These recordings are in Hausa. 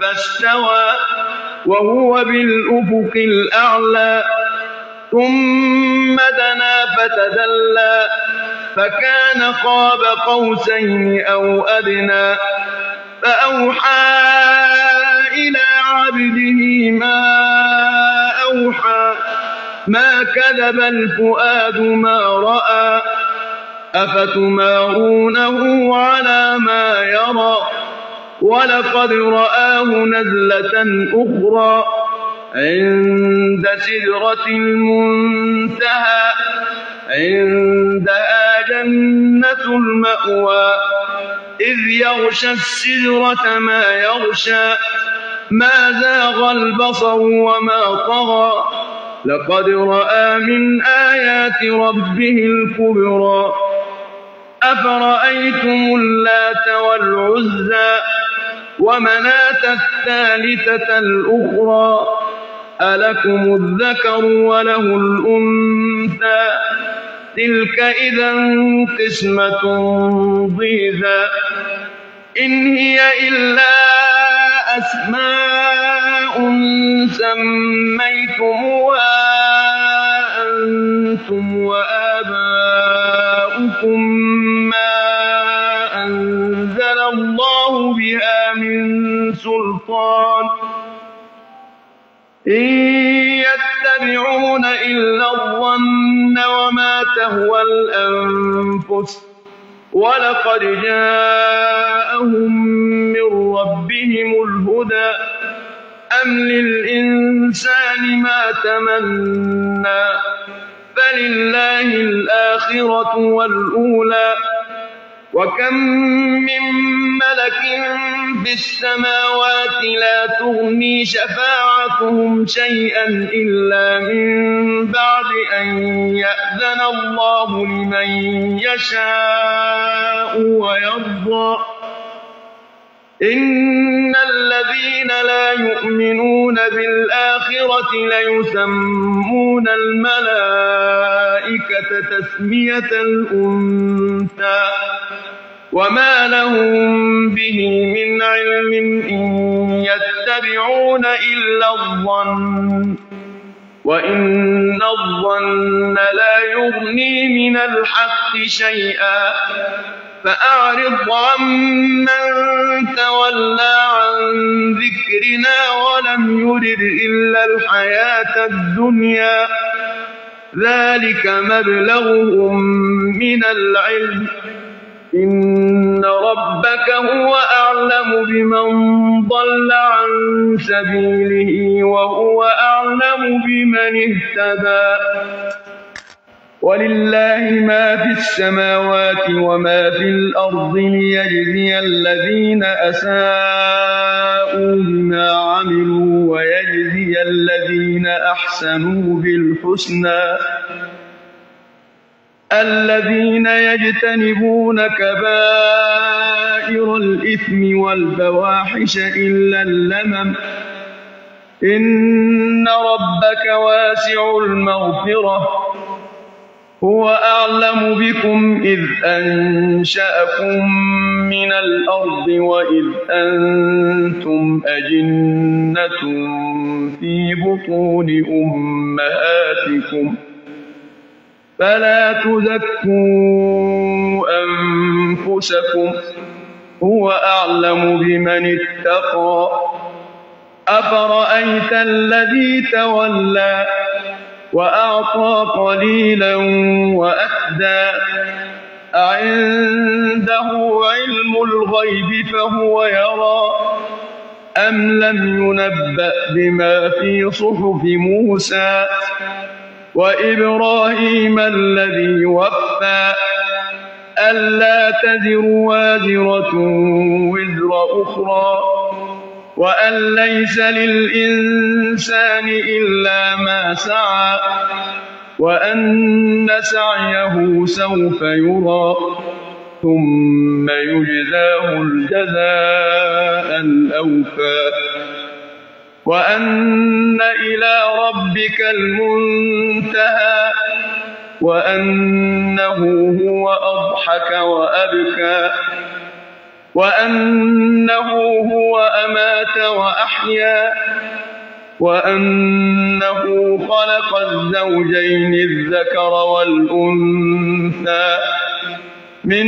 فاستوى وهو بالأفق الأعلى ثم دنا فتدلى فكان قاب قوسين أو أدنى فأوحى إلى عبده ما أوحى ما كذب الفؤاد ما رأى أفتمارونه على ما يرى ولقد رآه نزلة أخرى عند سدرة المنتهى عندها جنة المأوى إذ يغشى السدرة ما يغشى ما زاغ البصر وما طغى لقد رأى من آيات ربه الكبرى أفرأيتم اللات والعزى ومناة الثالثة الأخرى ألكم الذكر وله الأنثى تلك إذا قسمة ضيزى إن هي إلا أسماء سميتموها أنتم وآباؤكم ما أنزل الله بها من سلطان إن يتبعون إلا الظن وما تهوى الأنفس ولقد جاءهم من ربهم الهدى أم للإنسان ما تمنى فلله الآخرة والأولى وكم من ملك في السماوات لا تغني شفاعتهم شيئا إلا من بعد أن يأذن الله لمن يشاء ويرضى الذين لا يؤمنون بالآخرة ليسمون الملائكة تسمية الأنثى وما لهم به من علم إن يتبعون إلا الظن وإن الظن لا يغني من الحق شيئا فأعرض عمن تولى عن ذكرنا ولم يرد إلا الحياة الدنيا ذلك مبلغهم من العلم إن ربك هو أعلم بمن ضل عن سبيله وهو أعلم بمن اهتدى ولله ما في السماوات وما في الأرض ليجزي الذين أساءوا بما عملوا ويجزي الذين أحسنوا بالحسنى الذين يجتنبون كبائر الإثم والفواحش إلا اللمم إن ربك واسع المغفرة هو أعلم بكم إذ أنشأكم من الأرض وإذ أنتم أجنة في بطون أمهاتكم فلا تزكوا أنفسكم هو أعلم بمن اتقى أفرأيت الذي تولى وأعطى قليلا وأهدى أعنده علم الغيب فهو يرى أم لم ينبأ بما في صحف موسى وإبراهيم الذي وفى ألا تزر وازرة وزر أخرى وأن ليس للإنسان إلا ما سعى وأن سعيه سوف يرى ثم يجزاه الجزاء الأوفى وأن إلى ربك المنتهى وأنه هو أضحك وأبكى وأنه هو أمات وأحيا وأنه خلق الزوجين الذكر والأنثى من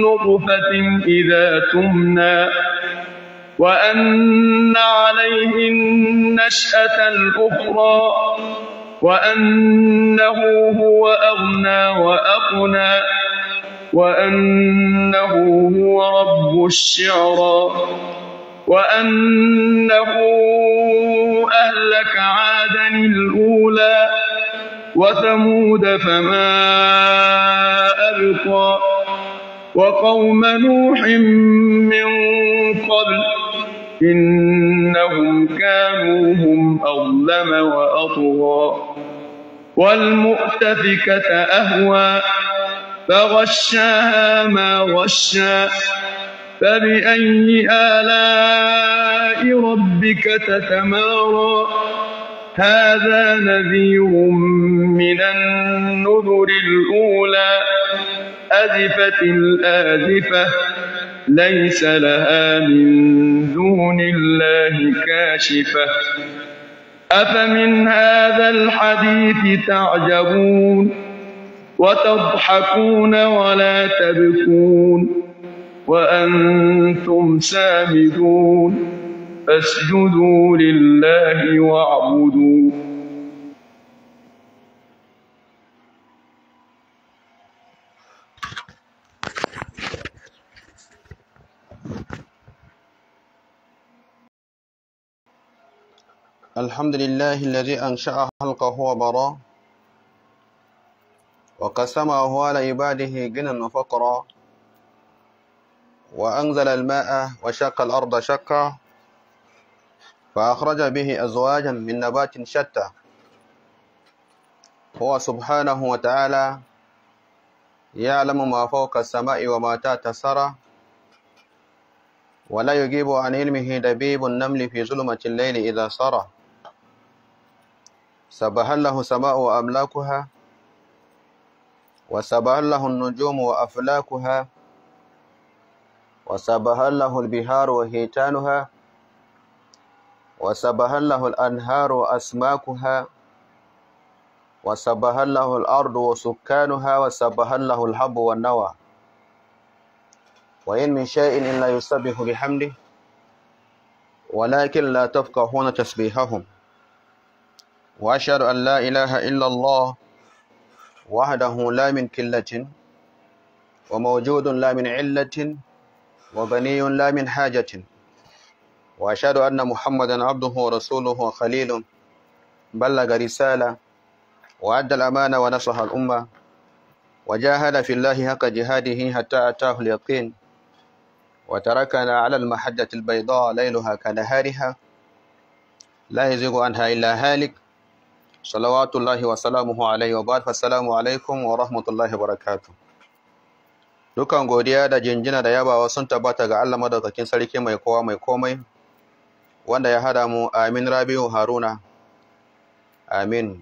نطفة إذا تمنى وأن عليه النشأة الأخرى وأنه هو أغنى وأقنى وأنه هو رب الشعرى وأنه أهلك عادا الأولى وثمود فما أبقى وقوم نوح من قبل إنهم كانوا هم أظلم وأطغى والمؤتفكة أهوى فغشاها ما غشا فبأي آلاء ربك تتمارى هذا نذير من النذر الأولى أزفت الآزفة ليس لها من دون الله كاشفة أفمن هذا الحديث تعجبون وتضحكون ولا تبكون وأنتم سامدون فاسجدوا لله واعبدوا الحمد لله الذي أنشأ خلقه وبراه وقسمه على عباده غنى وفقرا وأنزل الماء وشق الأرض شقا فأخرج به أزواجا من نبات شتى هو سبحانه وتعالى يعلم ما فوق السماء وما تحت الثرى ولا يجيب عن علمه دبيب النمل في ظلمة الليل إذا سرى سبح له سماء وأملاكها وسبح له النجوم وأفلاكها وسبح له البحار وهيتانها وسبح له الأنهار وأسماكها وسبح له الأرض وسكانها وسبح له الحب والنوى وإن من شيء إلا يسبح بحمده ولكن لا تفقهون تسبيحهم وأشهد أن لا إله إلا الله وحده لا من كلة وموجود لا من علة وبني لا من حاجة وأشهد أن محمدا عبده ورسوله وخليله بلغ رسالة وأدى الأمانة ونصح الأمة وجاهد في الله حق جهاده حتى أتاه اليقين وتركنا على المحجة البيضاء ليلها كنهارها لا يزيغ عنها إلا هالك salawatullahi wa salamuhu alaihi wa ba'd Salamu alaikum wa rahmatullahi wa barakatu. dukan godiya da jinjina da yabawa sun tabbata ga Allah madaukakin sarki mai kowa mai komai wanda ya hada mu amin rabiu haruna amin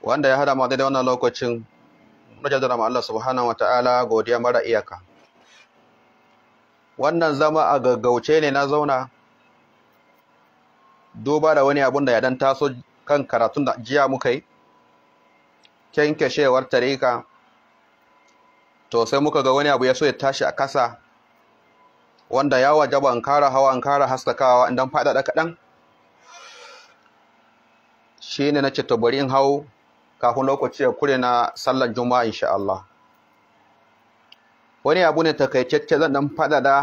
wanda ya hada mu da wannan lokacin mujadara da Allah subhanahu wataala godiya mara iyaka wannan zama a gaggauce ne na zauna duba da wani abun da ya dan taso kan karatun da jiya muka yi kyankyashewar tarika to sai muka ga wani abu ya so ya tashi a kasa wanda ya wajaba an kara hawa an kara haskakawa dan faɗaɗa kaɗan shi ne na ce bari in hau kafin lokaci ya kure na sallar juma'a insha Allah wani abu ne takaitacce zan dan faɗaɗa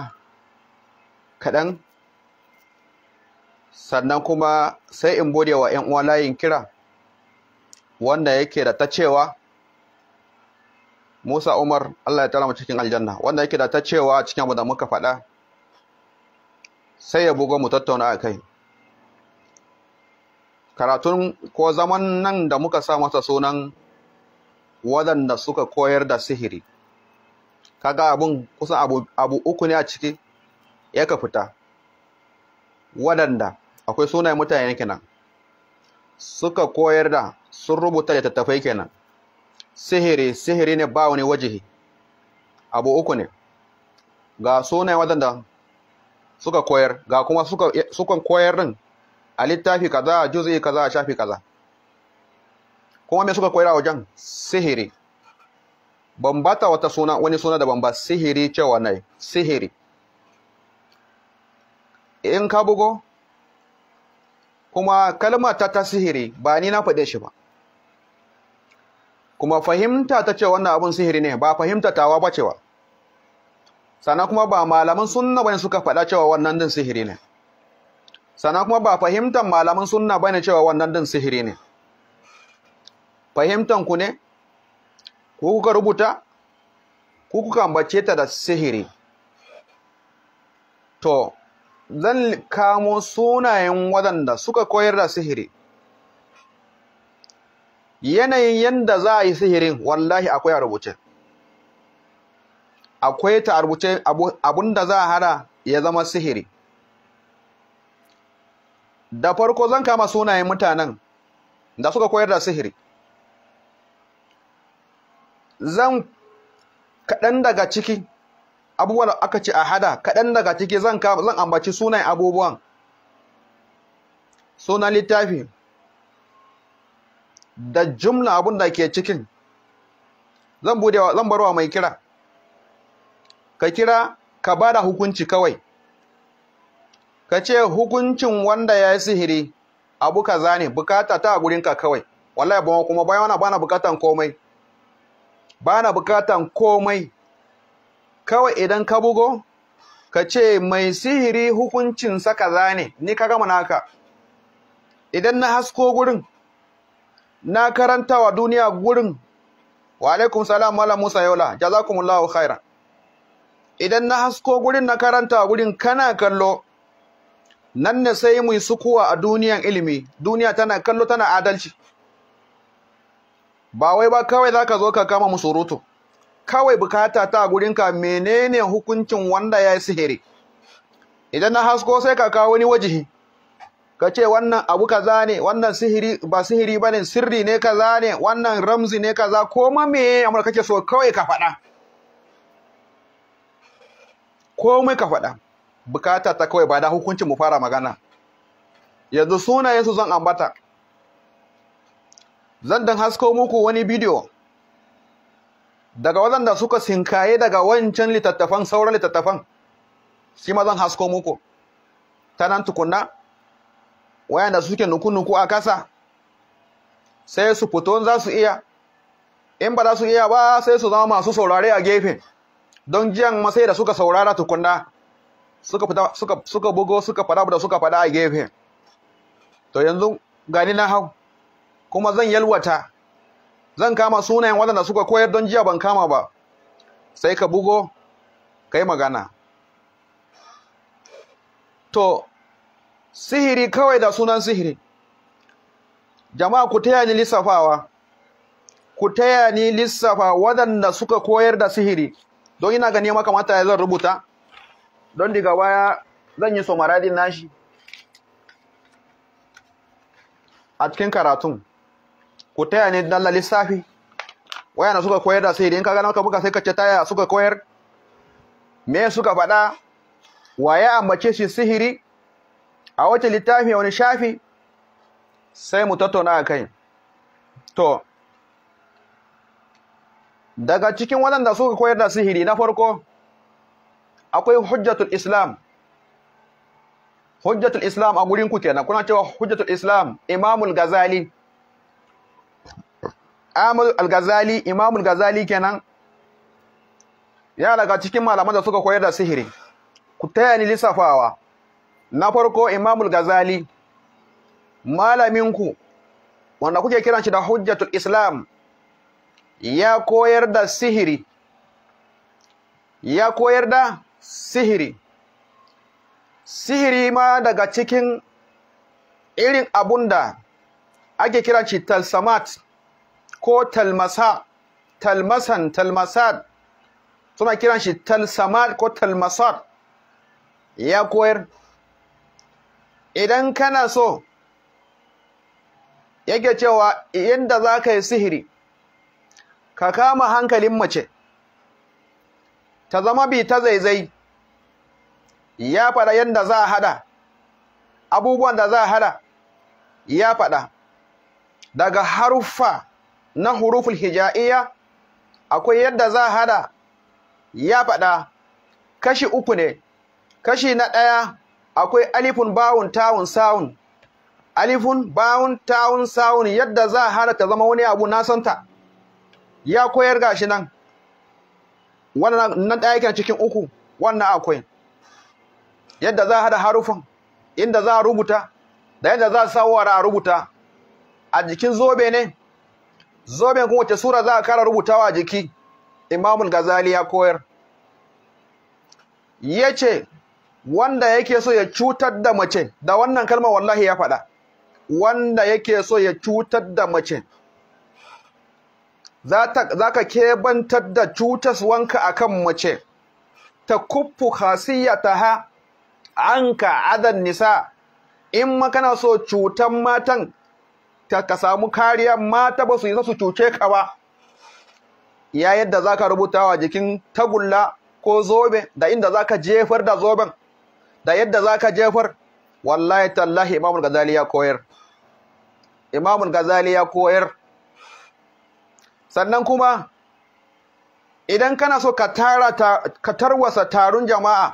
kaɗan sannan kuma sai in bude wa 'yan uwa layin kira wanda yake da ta cewa Musa Umar Allah ya tara mu cikin aljanna wanda yake da ta cewa cikin abu da muka faɗa sai ya bugo mu tattauna a kai karatun ko zaman nan da muka sa masa sunan waɗanda suka koyar da sihiri kaga abun kusan abu, abu uku ne a ciki ya ka fita waɗanda akwai sunayen mutane kenan suka koyar da sun rubuta da tattafai kenan sihiri sihiri ne ba wani wajihi abu uku ne ga sunayen waɗanda suka koyar ga kuma sukan koyar din a littafi kaza juz'i kaza a shafi kaza kuma me suka koyar a wajen sihiri bambata wata suna wani suna da ba sihiri cewa nai sihiri in ka bugo kuma kalma ta tasihiri ba ni na faɗe shi ba kuma fahimta ta ce wannan abun sihiri ne ba fahimta tawa ba cewa sannan kuma ba malaman sunna bane suka faɗa cewa wannan din sihiri ne sannan kuma ba fahimtan malaman sunna bane cewa wannan din sihiri ne fahimtan ku ne ku kuka rubuta ku kuka ambace ta da sihiri to zan kamo sunayen waɗanda suka koyar da sihiri yanayin yadda za a yi sihirin wallahi akwai a rubuce akwai ta rubuce abun da za a hada ya zama sihiri da farko zan kama sunayen mutanen da suka koyar da sihiri zan kaɗan daga ciki abubuwan da aka ce a hada kaɗan daga ciki zan zan ambaci sunayen abubuwan sunan littafi da jumla abun da ke cikin zan budewa zan barwa mai kira ka kira ka bada hukunci kawai ka ce hukuncin wanda ya yi sihiri abu kaza ne bukata ta a gurinka kawai wallahi ba kuma bayan bana bukatan komai bana bukatan komai kawai idan ka bugo ka ce mai sihiri hukuncinsa kaza ne ni ka gama naka idan na hasko gurin na karanta wa duniya gurin wa alaikum salam wala musa yola jazakumullahu khairan idan na hasko gurin na karanta wa gurin kana kallo nan ne sai mu yi sukuwa a duniyan ilimi duniya tana kallo tana adalci ba wai ba kawai zaka zo ka kama mu surutu kawai bukata ta gurinka menene hukuncin wanda ya yi sihiri idan na hasko sai ka kawo wani wajihi ka ce wannan abu kaza ne wannan sihiri ba sihiri bane sirri ne kaza ne wannan ramzi ne kaza ko ma me amma kake so kawai ka faɗa komai ka faɗa bukata ta kawai ba da hukuncin mu fara magana yanzu sunayensu zan ambata zan dan hasko muku wani bidiyo daga waɗanda suka sinkaye daga wancan littattafan sauran littattafan shi ma zan hasko muku ta nan tukunna wayanda suke nuku-nuku a kasa sai su fito za su iya in ba za su iya ba sai su zama masu saurare a gefe don jiyan masai da suka saurara tukunna suka suka suka bugo suka fada da suka fada a gefe to yanzu gani na hau kuma zan yalwata zan kama sunayen waɗanda suka koyar don jiya ban kama ba sai ka bugo ka yi magana to sihiri kawai da sunan sihiri jama'a ku taya ni lissafawa ku taya ni lissafa waɗanda suka koyar da sihiri don ina gani ya makamata ya zan rubuta don diga baya zan yi somaradin nashi a cikin karatun ku taya ne dalla lissafi na suka koyar da sai idan ka ga naka buga sai ka ce taya suka koyar me suka faɗa waye ambace shi sihiri a wace littafi wani shafi sai mu tattauna kai to daga cikin waɗanda suka koyar da sihiri na farko akwai hujjatul islam hujjatul islam a gurin ku kenan kuna cewa hujjatul islam imamul gazali Amr al-Ghazali Imam al-Ghazali kenan ya daga cikin malaman da suka koyar da sihiri ku taya ni lissafawa na farko Imam al-Ghazali malamin ku wanda kuke kiran shi da Hujjatul Islam ya koyar da sihiri ya koyar da sihiri sihiri ma daga cikin irin abunda ake kiran shi talsamat ko talmasa talmasan talmasat suna kiran shi talsamat ko talmasat ya koyar idan kana so yake cewa yadda za ka yi sihiri ka kama hankalin mace ta zama bi ta zaizai ya faɗa yadda za a hada abubuwan da za a hada ya faɗa daga haruffa na huruful hija'iyya akwai yadda za hada ya faɗa kashi uku ne kashi na ɗaya akwai alifun bawun tawun sawun alifun bawun tawun sawun yadda za hada ta zama wani abu na ya koyar gashi nan wannan ɗaya yake cikin uku wannan akwai yadda za hada harufan inda za rubuta da yadda za sawara a rubuta a jikin zobe ne zoben kuma wace sura za a kara rubutawa a jiki imamul gazali ya koyar ya ce wanda yake so ya cutar da mace da wannan kalmar wallahi ya faɗa wanda yake so ya cutar da mace za ka kebantar da cutar cutaswanka a kan mace ta kuffu ha anka adan nisa in ma kana so cutan matan ka samu kariya mata ba su yi su cuce ka ba ya yadda za ka rubuta wa jikin tagulla ko zobe da inda za ka jefar da zoben da yadda za ka jefar wallahi tallahi imamul gazali ya koyar imamul gazali ya koyar sannan kuma idan kana so ka ka tarwasa tarun jama'a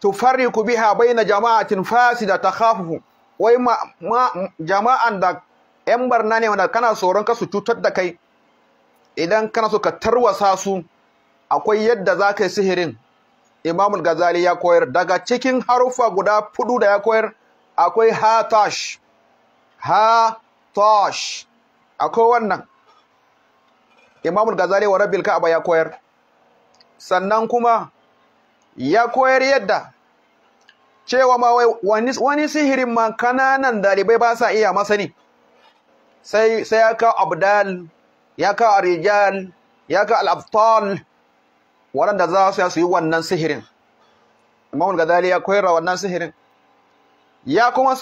tufari ku biha baina jama'atin fasida takhafufu wai jama'an da yan barna ne wanda kana tsoron ka su cutar da kai idan kana so ka tarwasa su akwai yadda za ka yi sihirin imamul gazali ya koyar daga cikin harufa guda fudu da ya koyar akwai hatash hatash akwai wannan imamul gazali wa rabbil ka'aba ya koyar sannan kuma ya koyar yadda cewa ma wani, wani sihirin ma kananan dalibai ba sa iya masa ne sai sai ya ka abdal ya ka rijal ya ka al-abtal waɗanda za su yi wannan sihirin Imam Ghazali ya koyar da wannan sihirin ya kuma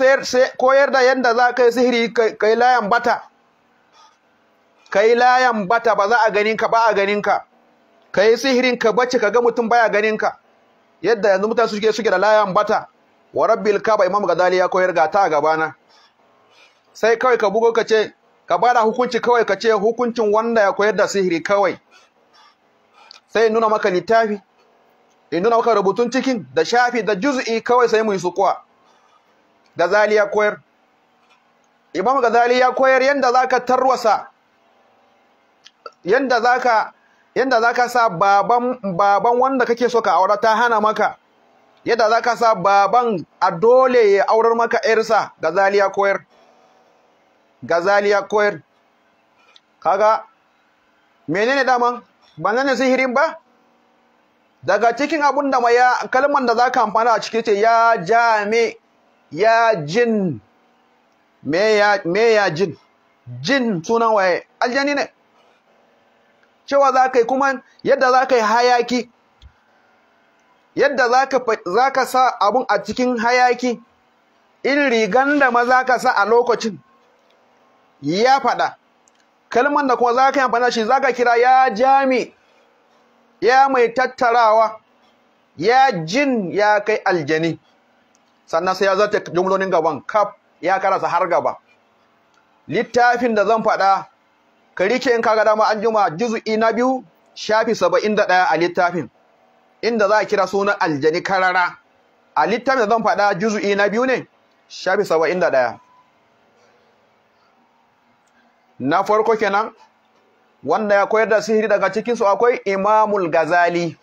koyar da yadda za ka yi sihiri kai layan bata kai layan bata ba za a ganin ka ba a ganin ka kai sihirin ka bace ka ga mutum baya ganin ka yadda yanzu mutane suke suke da layan bata wa rabbil kaba imam gadali ya koyar ga ta gaba na sai kawai ka bugo ka ce ka bada hukunci kawai ka ce hukuncin wanda ya koyar da sihiri kawai sai in nuna maka littafi in nuna maka rubutun cikin da shafi da juz'i kawai sai mu yi sukuwa gazali ya koyar imam gazali ya koyar yanda zaka tarwasa yanda zaka yanda zaka sa baban baban wanda kake so ka aurata ta hana maka yadda za ka sa baban a dole ya aurar maka ‘yarsa gazaliya koyar gazaliya koyar kaga menene daman ba nan sihirin ba daga cikin abun da maya kalman da za ka amfana a cikin ce ya jami ya jin me ya jin jin sunan waye aljani ne cewa za ka yi kuma yadda za ka yi hayaki yadda za ka sa abun a cikin hayaki in rigan da ma za ka sa a lokacin ya faɗa kalman da kuma za ka yin amfani shi za ka kira ya jami ya mai tattarawa ya jin ya kai aljani sannan sai ya zarta jumlonin gaban kaf ya karasa har gaba littafin da zan faɗa ka rike in kaga dama an juma juzu'i na biyu shafi saba'in da ɗaya a littafin inda za a kira sunan aljani karara a littafin da zan faɗa juzu'i na biyu ne shafi saba'in da ɗaya na farko kenan wanda ya koyar da sihiri daga cikinsu akwai imamul gazali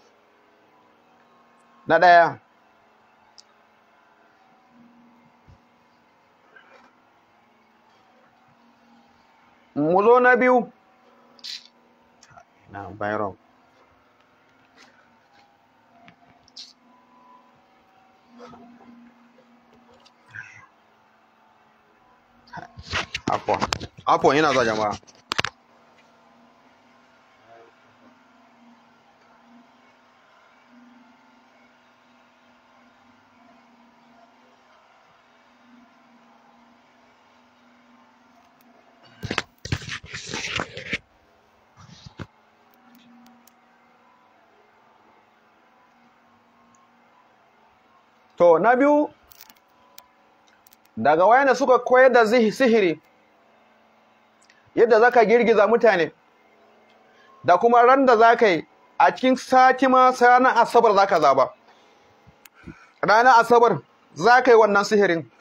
na ɗaya mu zo na biyu na bayron Afon. yana zuwa jama'a. To, na biyu, daga wayanda suka koyar da sihiri, yadda zaka girgiza mutane da kuma ran da zaka yi a cikin sati ma ranar asabar zaka zaba ranar asabar zaka yi wannan sihirin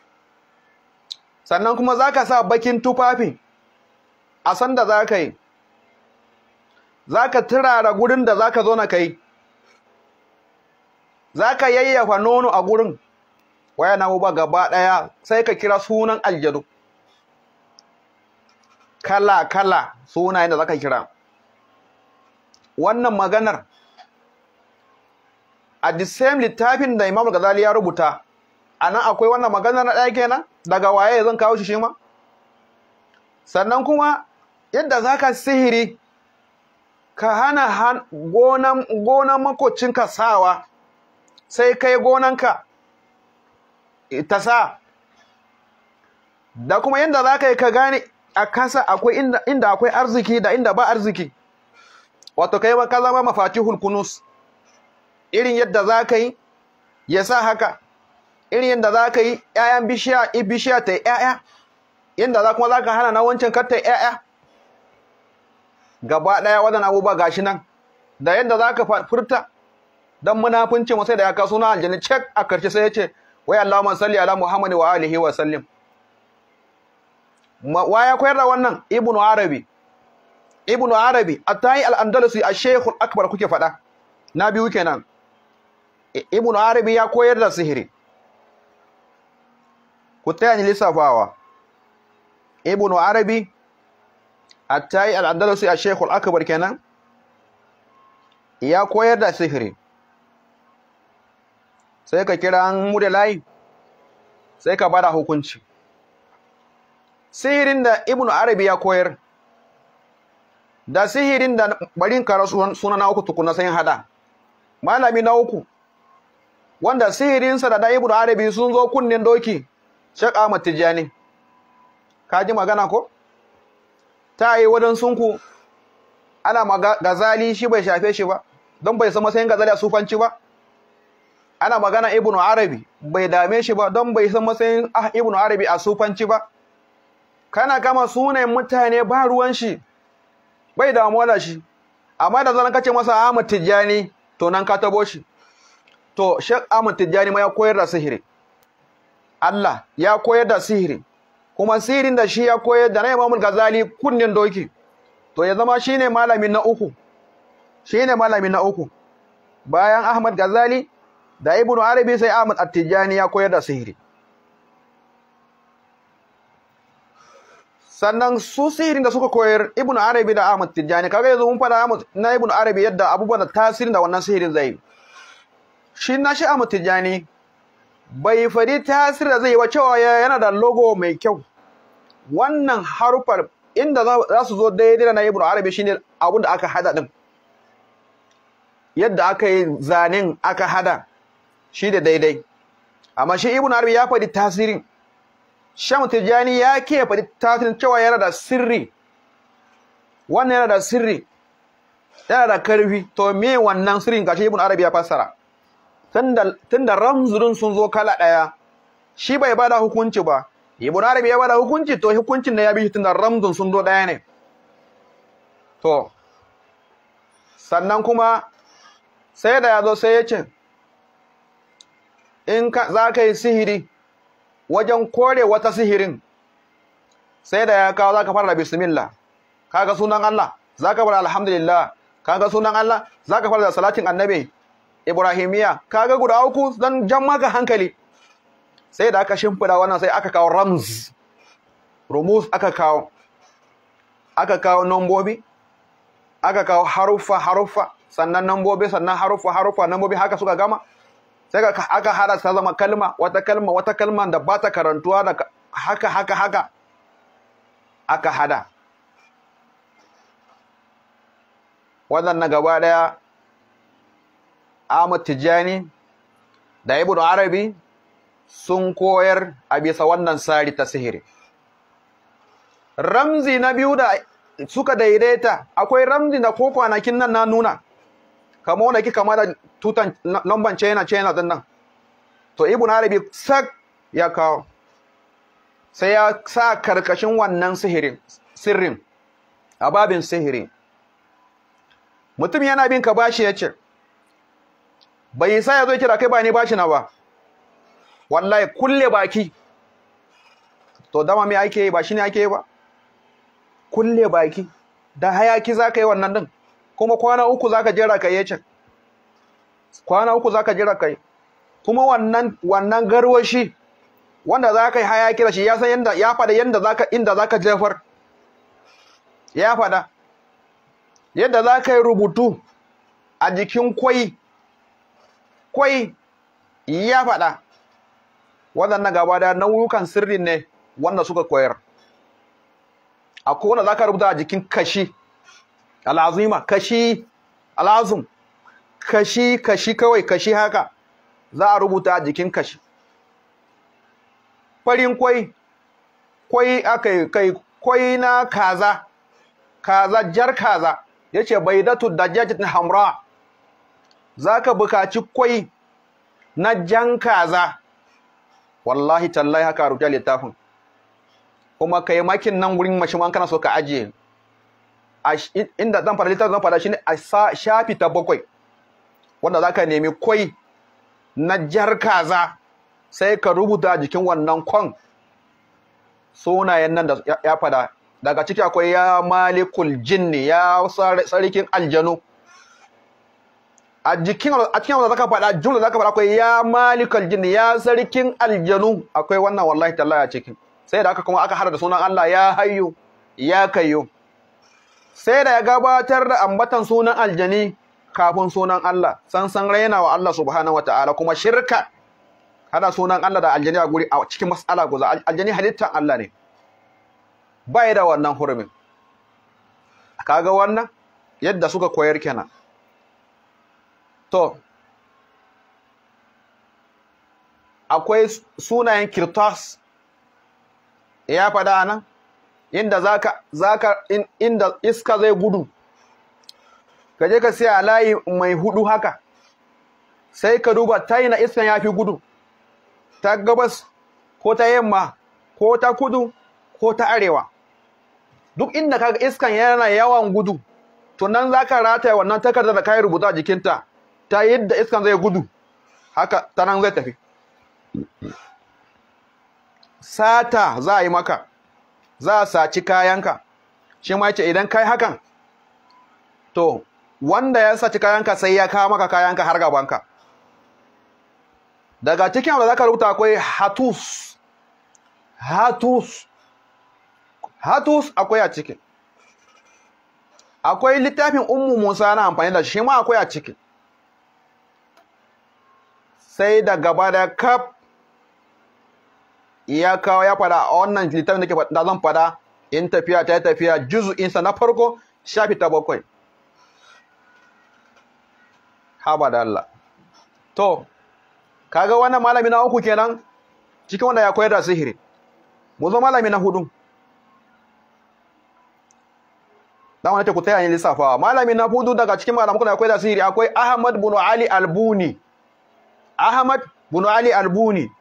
sannan kuma zaka sa bakin tufafi a sanda da zaka yi zaka turara gurin da zaka zo na kai zaka yayyafa nono a gurin waya na ba gaba daya sai ka kira sunan aljadu kala kala sunayen da zaka kira wannan maganar a the same littafin da Imam Ghazali ya rubuta anan akwai wannan maganar na ɗaya kenan daga waye zan kawo shi shima sannan kuma yadda zaka sihiri ka hana gonan gonan makocinka sawa sai kai gonanka ta sa da kuma yadda za yi ka gane a kasa akwai inda akwai arziki da inda ba arziki wato kai ma ka zama mafatihul kunus irin yadda za ka yi ya sa haka irin yadda za ka yi ‘ya'yan bishiya i bishiya ta ‘ya'ya yadda za kuma za ka hana na wancan karta ‘ya'ya gaba ɗaya waɗannan abubuwa gashi nan da yadda za ka furta don munafunci masai da ya kasu na aljanna cek a karshe sai ya ce wai Allah man salli ala Muhammad wa alihi wa sallim wa ya koyar da wannan ibnu arabi ibnu arabi atai al-andalusi ash-shaykh al-akbar kuke fada na biyu kenan ibnu arabi ya koyar da sihiri ku tayani lissafawa ibnu arabi atai al-andalusi ash-shaykh al-akbar kenan ya koyar da sihiri sai ka kira mu da layi sai ka bada hukunci sihirin da ibnu arabi ya koyar da sihirin da barin kara suna na uku tukuna sai hada malami na uku wanda sihirinsa da da ibnu arabi sun zo kunnen doki shek ahmad tijjani ka ji magana ko ta yi sunku ana gazali shi bai shafe shi ba don bai san matsayin gazali a sufanci ba ana magana ibnu arabi bai dame shi ba don bai san matsayin ah, ibnu arabi a sufanci ba kana kama sunayen mutane ba ruwan shi bai damuwa da shi amma da zan kace masa Ahmad Tijjani to nan ka tabo shi to Sheikh Ahmad Tijjani ma ya koyar da sihiri Allah ya koyar da sihiri kuma sihirin da shi ya koyar da na Imam Ghazali kunnin doki to ya zama shine malamin na uku shine malamin na uku bayan Ahmad Gazali, da Ibn Arabi sai Ahmad At-Tijjani ya koyar da sihiri sannan su sihirin da suka koyar ibnu arabi da ahmad tijjani kaga yanzu mun fada na ibnu arabi yadda abubuwan da tasirin da wannan sihirin zai shi na shi ahmad tijjani bai fadi tasirin da zai ba waye yana da logo mai kyau wannan harufar inda za su zo daidai na ibnu arabi shine abin da aka hada din yadda aka yi zanen aka hada shi da daidai amma shi ibnu arabi ya fadi tasirin Shamu Tijjani ya ke faɗi tatin cewa yana da sirri wannan yana da sirri yana da ƙarfi. to me wannan sirrin gashi Ibn Arabi ya fassara tunda tunda ramzurun sun zo kala ɗaya shi bai bada hukunci ba Ibn Arabi ya bada hukunci to hukuncin da ya bi shi tunda ramzun sun zo ɗaya ne to sannan kuma sai da ya zo sai ya ce in za ka yi sihiri wajen kore wata sihirin sai da ya kawo za ka fara da bismillah kaga sunan Allah za ka fara alhamdulillah kaga sunan Allah za ka fara da salatin annabi ibrahimiya kaga guda uku dan jan maka hankali sai da aka shimfida wannan sai aka kawo rams rumus aka kawo aka kawo nombobi aka kawo haruffa haruffa sannan nambobi sannan haruffa haruffa nambobi haka suka gama sai ka aka hada ta zama kalma wata kalma wata kalma da ba ta karantuwa da haka haka haka aka hada na gaba ɗaya Ahmad Tijjani da Ibn Arabi sun koyar a bisa wannan sari ta sihiri ramzi na biyu da suka daidaita akwai ramzi da ko kwanakin nan na nuna kamar wanda kika mara tutan lamban china china din nan to ibn arabi sak ya kawo sai ya sa karkashin wannan sihirin sirrin a babin sihiri mutum yana bin ka bashi ya ce bai sa ya zo kira kai ba ne bashi na ba wallahi kulle baki to dama me ake yi ba shi ne ake yi ba kulle baki da hayaki za ka yi wannan din kuma kwana uku za ka jera ka yi ya ce. kwana uku zaka jira kai kuma wannan wannan garwashi wanda za ka yi hayaki da shi ya san yanda ya faɗa yanda zaka inda zaka jefar ya fada yadda za yi rubutu a jikin kwai kwai ya faɗa na gaba da nauyukan sirri ne wanda suka koyar akwai wanda za rubuta a jikin kashi al'azima kashi al'azum kashi kashi kawai kashi haka za a rubuta a jikin kashi farin kwai kwai aka kai kwai na kaza kaza jar kaza yace baidatu dajjajatin hamra zaka bukaci kwai na jan kaza wallahi tallahi haka rubuta littafin kuma kai makin nan gurin mashi man kana so ka ajiye inda zan fara littafin zan fara shine a shafi ta bakwai wanda za ka nemi kwai na jar kaza sai ka rubuta jikin wannan kwan sunayen nan da ya fada daga ciki akwai ya malikul jinni ya sarkin aljanu a jikin a cikin wanda zaka faɗa jumla zaka faɗa akwai ya malikul jinni ya sarkin aljanu akwai wannan wallahi tallahi a cikin sai da aka kuma aka hada da sunan Allah ya hayyu ya kayyo sai da ya gabatar da ambatan sunan aljani kafin sunan Allah san san raina wa Allah subhanahu wataala kuma shirka hada sunan Allah da aljani a guri a cikin mas'ala guza aljani halittar Allah ne bai da wannan hurumin kaga wannan yadda suka koyar kenan to akwai sunayen kirtas ya faɗa nan inda iska zai gudu ka je ka siya a layi mai hudu haka sai ka duba ta yi na iskan ya fi gudu ta gabas ko ta yamma ko ta kudu ko ta arewa duk inda ka iskan yana yawan gudu to nan za ka rataya wannan takarda da ka rubuta jikinta ta yadda iskan zai gudu haka ta nan zai tafi sata za a yi maka za a saci kayanka shi ma yace idan kai hakan to wanda ya saci kayanka sai ya kawo maka kayanka har gabanka daga cikin wanda ka rubuta akwai hatus hatus hatus akwai a cikin akwai littafin ummu musa na amfani da shi ma akwai a cikin sai da gaba da kaf ya kawo ya fada a wannan littafin da zan fada in tafiya ta yi tafiya juzu, insa na farko shafi ta bakwai haba da Allah to kaga wannan malami na uku kenan cikin wanda ya koyar da sihiri mu zo malami na hudu dan wani ku taya ni lissafawa malami na hudu daga cikin malamu da ya koyar da sihiri akwai Ahmad bin Ali Albuni Ahmad bin Ali Albuni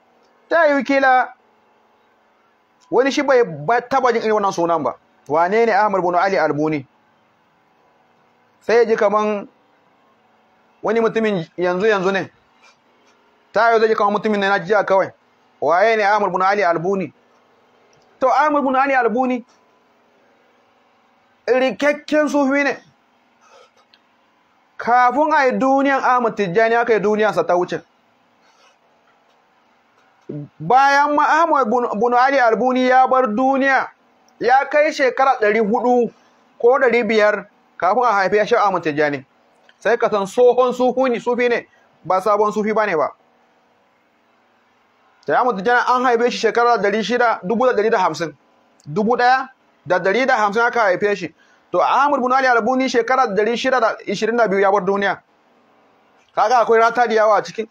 ta yi kila wani shi bai taba jin irin wannan sunan ba wane ne Ahmad bin Ali Albuni sai ji kaman wani mutumin yanzu yanzu ne ta yau zai kama mutumin na jiya kawai waye ne Amur ibn Ali Albuni to Amur ibn Ali Albuni rikakken sufi ne kafin a yi duniyan Ahmad Tijjani aka yi duniyansa ta wuce bayan ma Ahmad Ali Albuni ya bar duniya ya kai shekara ɗari hudu ko ɗari biyar kafin a haifi sha Ahmad Tijjani sai ka san tsohon sufi ne ba sabon sufi ba ne ba ta yamu tijjani an haife shi shekarar dari shida dubu da dari da hamsin dubu daya da dari da hamsin aka haife shi to a bin Bunali albuni shekarar dari shida da ishirin da biyu ya bar duniya kaga akwai rata da yawa a cikin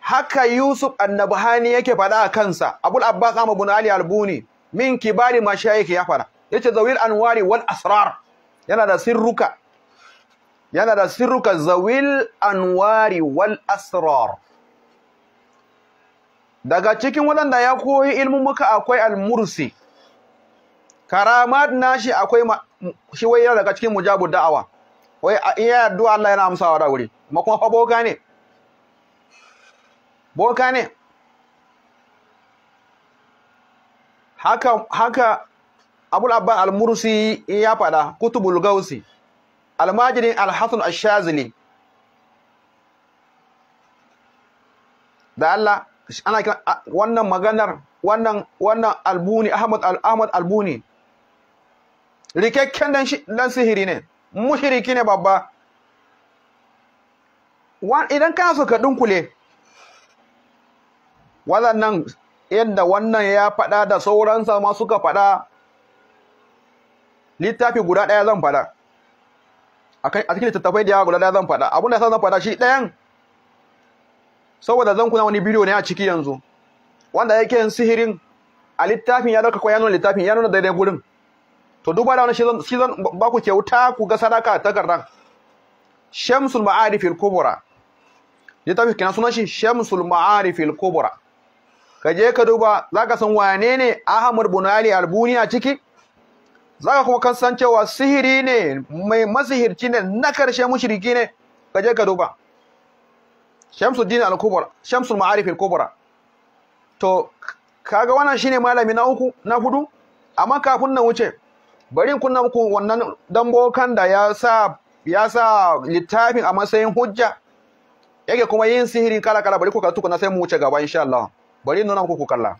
haka yusuf annabhani yake faɗa a kansa abul abbas ahmad bin ali albuni min kibari mashayikh ya faɗa yace zawil anwari wal asrar yana da sirruka yana da sirruka zawil anwari wal asrar daga cikin waɗanda ya koyi ilmumuka akwai al-mursi karamat nashi akwai shi wai yana daga cikin mujabu da'awa wai iya ya addu'a Allah yana amsawa da wuri amma kuma fa boka ne boka ne haka haka Abul Abban al-Mursi ya fada Kutubul Gausi almajirin alhassan ashazili da Allah ana wannan maganar wannan wannan albuni ahmad al-ahmad albuni rikakken dan sihiri ne mushriki ne babba idan kana so ka dunkule waɗannan yadda wannan ya faɗa da sauransa ma suka faɗa littafi guda ɗaya zan faɗa a cikin littattafai da yawa guda zan faɗa abin da zan faɗa shi ɗayan saboda zan kuna wani bidiyo ne a ciki yanzu wanda yake yin sihirin a littafin ya dauka ko ya nuna littafin ya nuna daidai gurin to duba da wani shi zan ba ku kyauta ku ga sadaka ta gardan shamsul ma'arifil kubra littafin kina sunan shi shamsul ma'arifil kubra ka je ka duba za ka san wane ne Ahmad Bunali Albuni a ciki Za ka kuma kan san cewa sihiri ne mai masihirci ne na karshe mushriki ne ka je ka duba Shamsuddin al-Kubra Shamsu Ma'arif al-Kubra to kaga wannan shine malami na uku na hudu amma kafin na wuce bari kunna muku wannan dambokan da ya sa ya sa littafin a matsayin hujja yake kuma yin sihiri kala kala bari ku ka tukuna sai mu wuce gaba insha Allah bari nuna muku ku kalla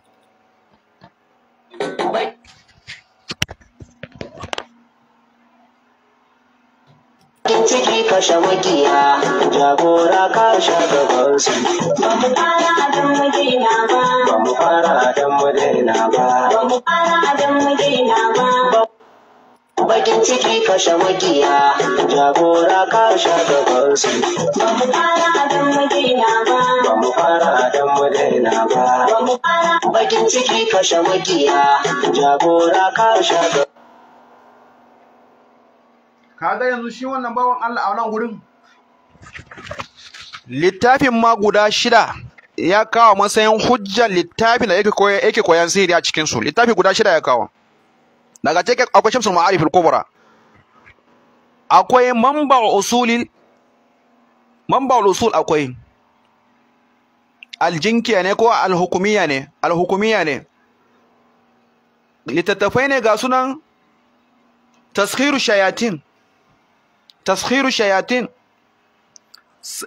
ciki kashe makiya jagora sha gaban su ba mu fara adan ba ba mu fara ba ba mu fara ba bakin ciki kashe makiya jagora sha gaban su ba mu fara ba ba mu fara ba bakin ciki kashe makiya jagora sha gaban kaga yanzu shi wannan bawan Allah a wannan gurin littafin ma guda shida ya kawo matsayin hujjar littafin da yake koyan sihiri a cikin su littafi guda shida ya kawo daga cikin akwai shamsul ma'arifil kubra akwai manba'ul usuli manba'ul usul akwai aljinkiya ne ko alhukumiya ne alhukumiya ne littattafai ne ga sunan tasghiru shayatin taskhiru shayatin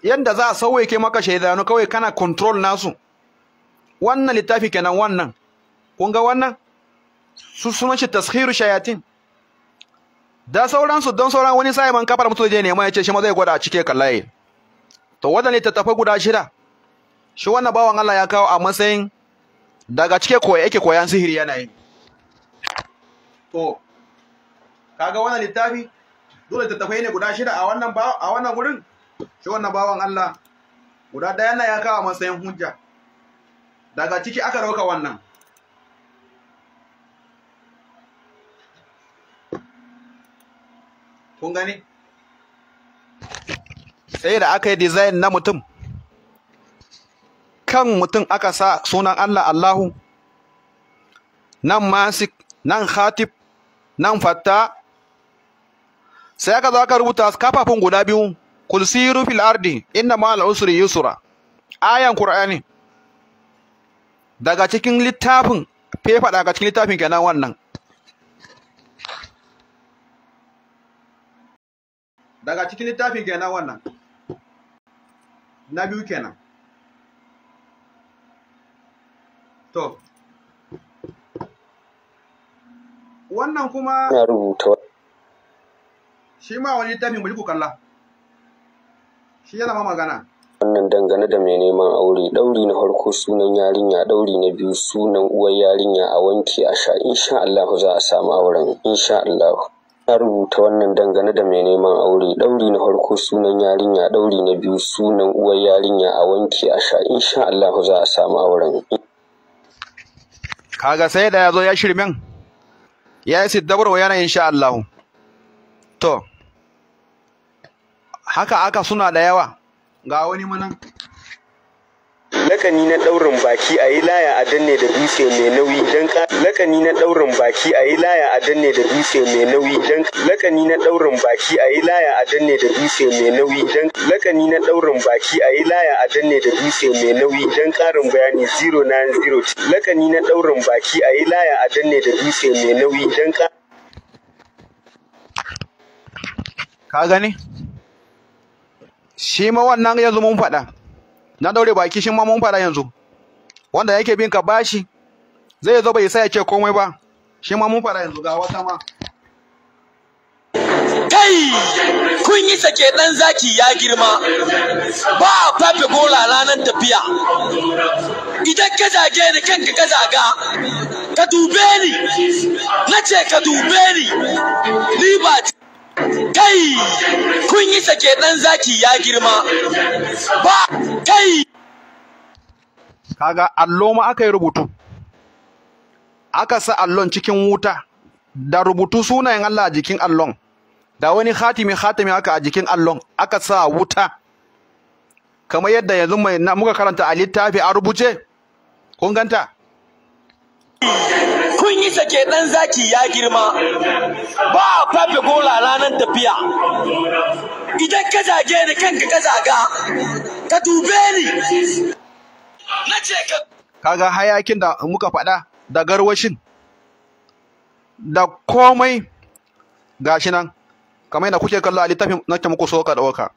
yanda za a sauwake maka shaidanu kawai kana control nasu wannan littafi kenan wannan kun ga wannan su suna shi taskhiru shayatin da sauransu don sauran wani sai man kafar mutu zai nema ya ce shi ma zai gwada a cike kallaye to wannan littattafai guda shida shi wannan bawan Allah ya kawo a matsayin daga cike koya yake koyan sihiri yana yi to kaga wannan littafi dole tattafai ne guda shida a wannan ba a wannan gurin shi wannan bawan Allah guda daya na ya kawo matsayin hujja daga ciki aka roka wannan kun gani sai da aka yi design na mutum kan mutum aka sa sunan Allah Allahu nan masik nan khatib nan fatta sai aka zo aka rubuta kafafun guda biyu kul siru fil ardi inna ma'al usri yusra ayan qur'ani daga cikin littafin fefa daga cikin littafin kenan wannan daga cikin littafin kenan wannan na biyu kenan to wannan kuma ya rubuta shi ma wani littafi mu ji kalla shi yana ma magana wannan dangane da mai neman aure ɗauri na farko sunan yarinya ɗauri na biyu sunan uwar yarinya a wanke a sha insha Allah za a samu auren insha Allah ya rubuta wannan dangane da mai neman aure ɗauri na farko sunan yarinya ɗauri na biyu sunan uwar yarinya a wanke a sha insha Allah za a samu auren kaga sai da ya zo ya shirmen ya yi siddabar wa yana insha Allah to haka aka suna da yawa ga wani manan lakani na daurin baki a yi laya a danne da dutse mai nauyi don lakani na daurin baki a yi laya a danne da dutse mai nauyi don lakani na daurin baki a yi laya a danne da dutse mai nauyi don lakani na daurin baki a yi laya a danne da dutse mai nauyi don karin bayani 090 lakani na daurin baki a yi laya a danne da dutse mai nauyi don ka gane shi ma wannan yanzu mun faɗa na daure baki shi ma mun faɗa yanzu wanda yake bin ka bashi zai zo bai sai ya ce komai ba shi ma mun faɗa yanzu ga wata ma kai kun yi sake dan zaki ya girma ba a fafe bola ranar tafiya idan ka zage ni kanka ka zaga ka dube ni na ce ka dube ni ni ba kai kun yi sake dan zaki ya girma ba kai kaga allo ma aka yi rubutu aka sa allon cikin wuta da rubutu sunayen Allah a jikin allon da wani khatimi, hatimi haka a jikin allon aka sa wuta kamar yadda yanzu mai muka karanta a littafi a rubuce kun ganta kun yi sake ɗan zaki ya girma ba fafe gola ranar tafiya idan ka zage ni kanka ka zaga ka tube ni ka kaga hayakin da muka faɗa da garwashin da komai gashi nan kamar da kuke kallo a littafin na ke muku soka da waka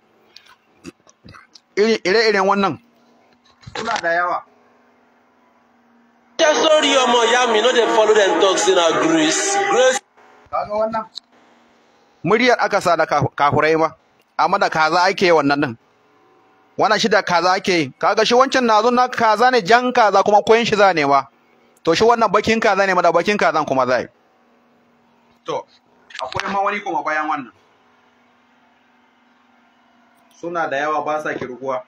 ire-iren wannan suna da yawa sorry ọmọ ìyá mi no they follow them talks in our grace grace. muryar aka sa da kahurai ma amma da kaza ake wannan nan, wannan shi da kaza ake kaga shi wancan nazo na kaza ne jan kaza kuma koyin shi za ne ma to shi wannan bakin kaza ne ma da bakin kazan kuma zai to akwai ma wani kuma bayan wannan suna da yawa ba sa kirguwa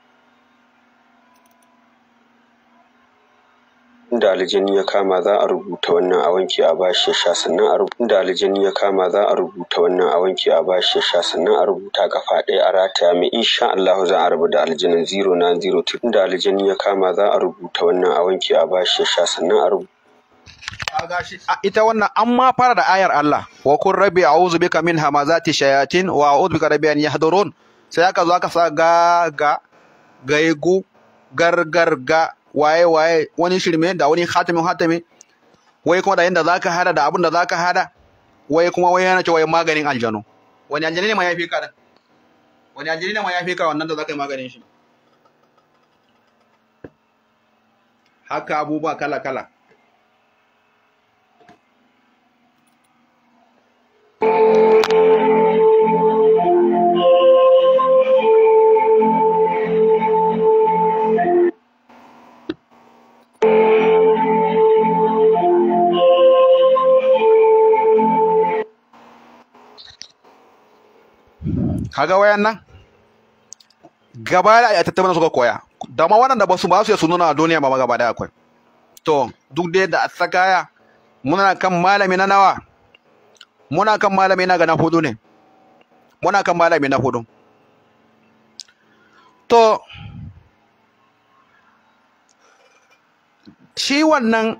da aljani ya kama za a rubuta wannan a wanke a bashi ya sha sannan a rubuta da aljani ya kama za a rubuta wannan a wanke a bashi ya sha sannan a rubuta kafa ɗaya a rataya mai insha Allah za a rubuta da aljanin zero na zero two da aljani ya kama za a rubuta wannan a wanke a bashi ya sha sannan a rubuta ita wannan an ma fara da ayar Allah wa kun a a'udhu bika min hamazati shayatin wa a'udhu bika rabbi an yahdurun sai aka zo aka sa ga ga gaigu gargarga waye waye wani shirme da wani hatimin hatimin wai kuma da yanda zaka hada da abin da zaka hada wai kuma wai yana cewa maganin aljanu wani aljani ne ma yafi ka wani aljani ne ma yafi ka wannan da zaka yi maganin shi haka abubuwa kala kala Thank you. kaga wayan nan gaba da ya tattauna suka koya da ma da ba su ba su ya sununa a duniya ba gaba da akwai to duk dai da asakaya muna kan malami na nawa muna kan malami na gana hudu ne muna kan malami na hudu to shi wannan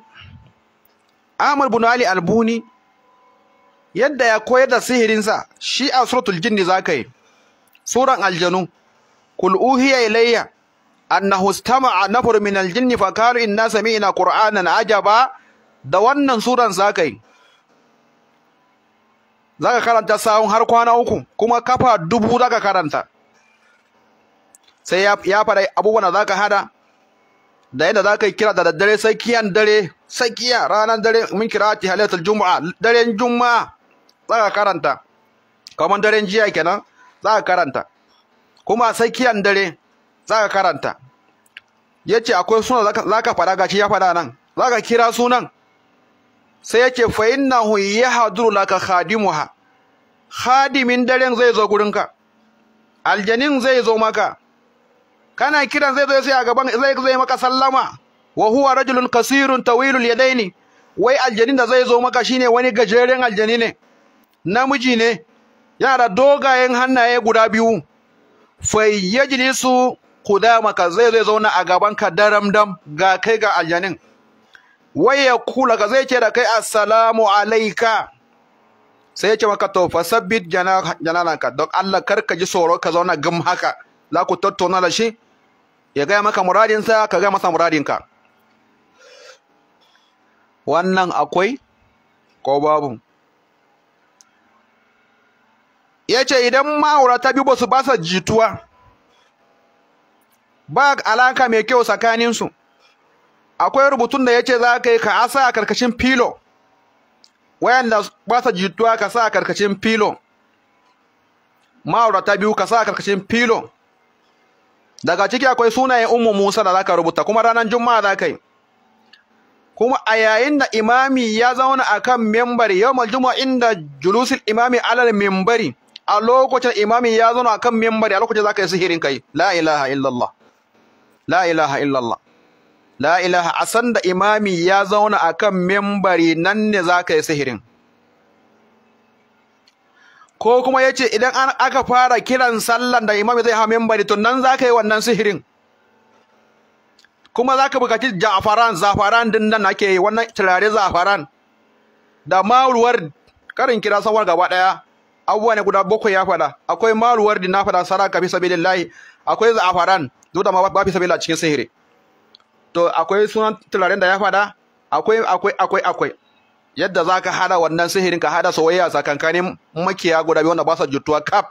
Ahmad bin Ali Albuni yadda ya koyar da sihirinsa shi a suratul jinni ka yi suran aljanu kul uhiya ilayya annahu istama'a nafar min aljinni fa qalu inna sami'na qur'anan ajaba da wannan suran zakai zaka karanta sawun har kwana uku kuma kafa dubu zaka karanta sai ya fara abubuwan da zaka hada da yadda za ka kira da daddare tsakiyan dare tsakiya ranar dare min kirati halatul juma'a daren juma'a za ka karanta kamar daren jiya kenan za ka karanta kuma tsakiyan dare za ka karanta ya ce akwai suna za ka faɗa gashi ya faɗa nan za ka kira sunan sai ya ce hu ya yahduru laka khadimuha Hadimin daren zai zo gurinka aljanin zai zo maka kana kiran zai zo sai a gaban zai zai maka sallama wa huwa rajulun kasirun tawilul yadaini wai aljanin da zai zo maka shine wani gajeren aljani ne namiji ne yana da dogayen hannaye guda biyu fayyajlisu qudamaka zai zai zauna a gabanka dam ga kai ga aljanin Wai ya kula ka zai ce da kai assalamu alaika sai ya ce maka to fasabbit jananaka don Allah kar ka ji tsoro ka zauna gam haka za ku tattauna da shi ya gaya maka muradinsa ka gaya masa muradinka wannan akwai ko babu ya ce idan ma'aurata biyu ba su basa jituwa ba alaka mai kyau tsakaninsu akwai rubutun da ya ce za ka yi ka asa a karkashin filo wayanda ba sa jituwa ka sa a karkashin filo ma'aurata biyu ka sa a karkashin filo daga ciki akwai sunayen umu musa da za ka rubuta kuma ranar juma'a za ka yi kuma a yayin da imami ya zauna akan membari yau juma'a inda julusul imami alal membari a lokacin imami ya zauna kan membari a lokacin zaka yi sihirin kai la ilaha illallah la ilaha illallah la ilaha a sanda imami ya zauna a kan membari nan ne zaka yi sihirin ko kuma ya ce idan aka fara kiran sallan da imami zai ha membari to nan zaka yi wannan sihirin kuma zaka bukaci jafaran zafaran din nan ake yi wannan turare zafaran da mawulwar karin kira sawar gaba daya abubuwa ne guda bakwai ya faɗa akwai maruwar da na faɗa saraka fi sabilillahi akwai za'afaran duk da ma ba fi sabilillahi cikin sihiri to akwai sunan turaren da ya faɗa akwai akwai akwai akwai yadda za ka hada wannan sihirin ka hada soyayya tsakankanin makiya guda biyu wanda ba sa jituwa kaf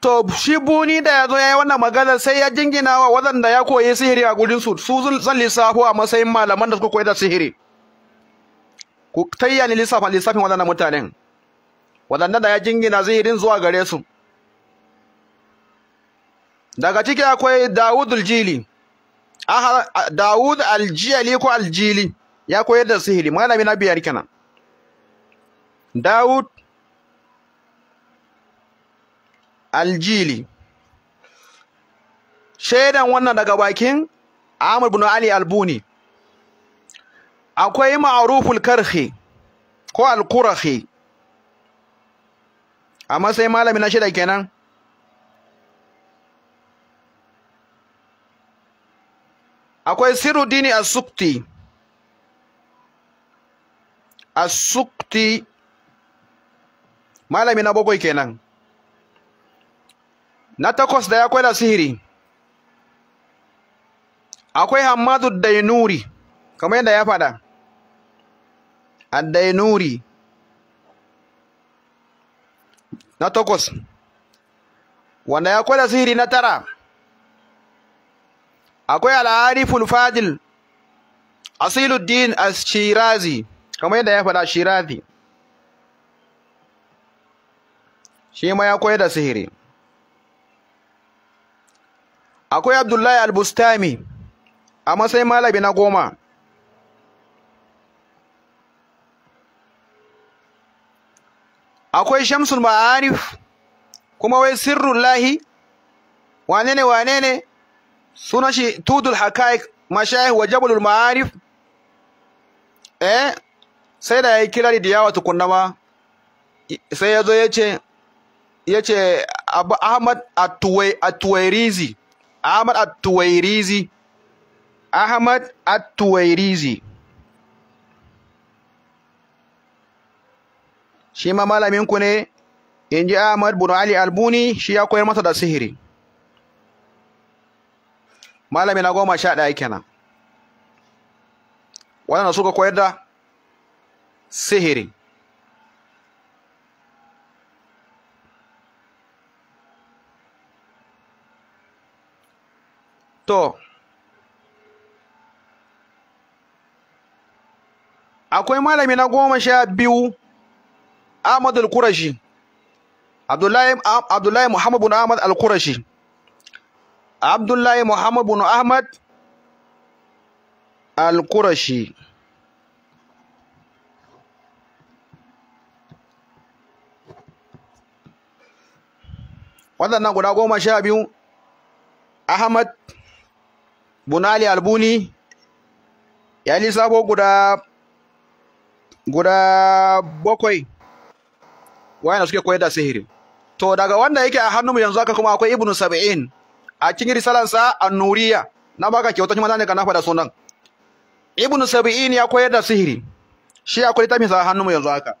to shi buni da ya zo ya yi wannan magana sai ya jingina wa wadanda ya koyi sihiri a gudunsu, su zan lissafo a matsayin malaman da suka koyi da sihiri ku tayya ni lissafin waɗannan mutanen waɗanda da ya jingina zihirin zuwa gare su daga ciki akwai Dawud al-Jili Dawud al-Jili ko al-Jili ya koyar da sihiri malami na biyar kenan Dawud al-Jili shaidan wannan daga bakin Amr ibn Ali al-Buni akwai ma'aruful karhi ko alkurahi a matsayin malami na shida kenan akwai sirudini as-sukti as-sukti malami na bakwai kenan na takwas da ya kwai da sihiri akwai hamadu dainuri kamar yadda ya faɗa Nuri? na takwas wanda ya kwada sihiri na tara akwai al'ariful fadil asiluddin ashirazi kamar yadda ya faɗa shirazi shi ma ya koyar da sihiri akwai abdullahi albustami a matsayin malami na goma akwai shamsul ma'arif kuma wai sirrul lahi wane ne wane ne suna shi tudul haqaiq mashayikh wa jabalul ma'arif eh sai da yayi kirari da yawa tukunna ma sai yazo yace yace Abu Ahmad At-Tuwai Ahmad atuwairizi at shi ma malamin ku ne in ji Ahmad bin Ali Albuni shi ya koyar masa da sihiri malami na goma sha ɗaya kenan waɗanda suka koyar da sihiri to akwai malami na goma sha biyu Ahmad al-Qurashi Abdullahi Abdullahi Muhammad Ahmad al-Qurashi Abdullahi Muhammad Ahmad al-Qurashi guda goma sha biyu Ahmad Bunali Albuni ya lissafo guda guda bakwai wayanda suke koyar da sihiri to daga wanda yake a hannunmu yanzu haka kuma akwai ibnu sab'in a cikin risalansa an-nuriya na baka kyauta kuma zan ka nafa da sunan ibnu sab'in ya koyar da sihiri shi akwai littafin sa a hannunmu yanzu haka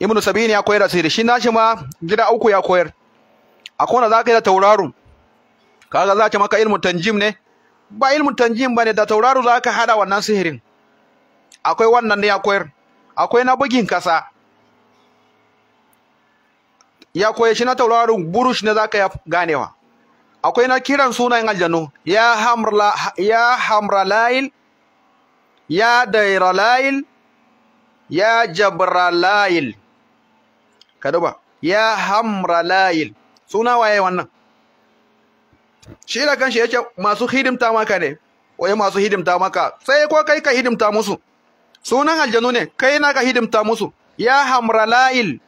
Ibn Sabini ya koyar da sihiri shi nashi ma gida uku ya koyar akwai wanda za ka yi da tauraron kaga za ta maka ilmu tanjim ne ba ilmu tanjim bane da tauraro za ka hada wannan sihirin akwai wannan ne ya koyar akwai na bugin kasa ya koye shi na tauraro burush ne za ka ganewa akwai na kiran sunayen aljanu ya hamrala ya hamralayil ya dairalayil ya jabralayil ka duba ya hamralayil suna waye wannan shi da kanshi yake masu hidimta maka ne wai masu hidimta maka sai ko kai ka hidimta musu sunan aljanu ne kai na ka hidimta musu ya hamralail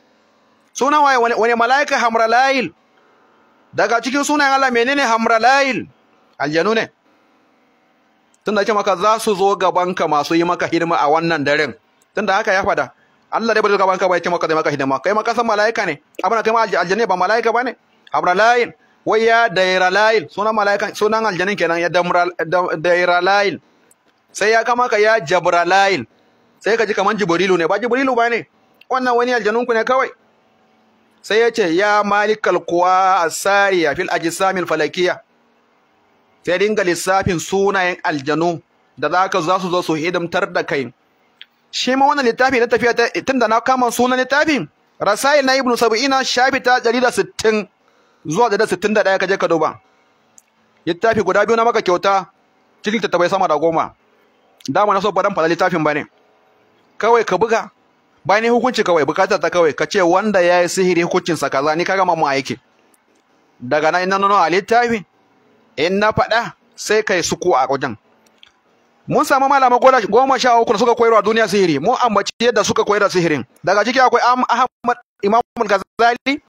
sunan waye wani malaika hamralail daga cikin sunan Allah menene hamralail aljanu ne tun da maka za su zo gabanka masu yi maka hidima a wannan daren tun da haka ya fada Allah dai bai zo gabanka bai ce maka zai maka hidima kai maka san malaika ne abin da kai ma aljanu ba malaika ba ne hamralail wai ya dairalayil sunan mala'ikan sunan aljanin kenan ya dairalayil sai ya kama ka ya jabra jabralayil sai ka ji kaman jibrilu ne ba jibrilu ba ne wannan wani aljanun ku ne kawai sai ya ce ya malikal kuwa asariya fil ajsamil falakiya sai dinga lissafin sunayen aljanu da ka za su zo su hidimtar da kai shi ma wannan littafi na tafiya tun da na kama sunan littafin rasail na ibnu sab'ina shafi ta 160 zuwa da ɗaya ka je ka duba littafi guda biyu na maka kyauta cikin tattabai sama da goma dama na so ba faɗa littafin ba ne. kawai ka buga bayan hukunci kawai bukatar ta kawai ka ce wanda ya yi sihiri hukuncinsa kaza ni kaga mu aiki daga nan ina nuna a littafi in na faɗa sai kai suku a wajen mun samu malama goma sha uku suka koyarwa duniya sihiri mun ambaci yadda suka koyar da sihirin daga ciki akwai ahmad imam gazali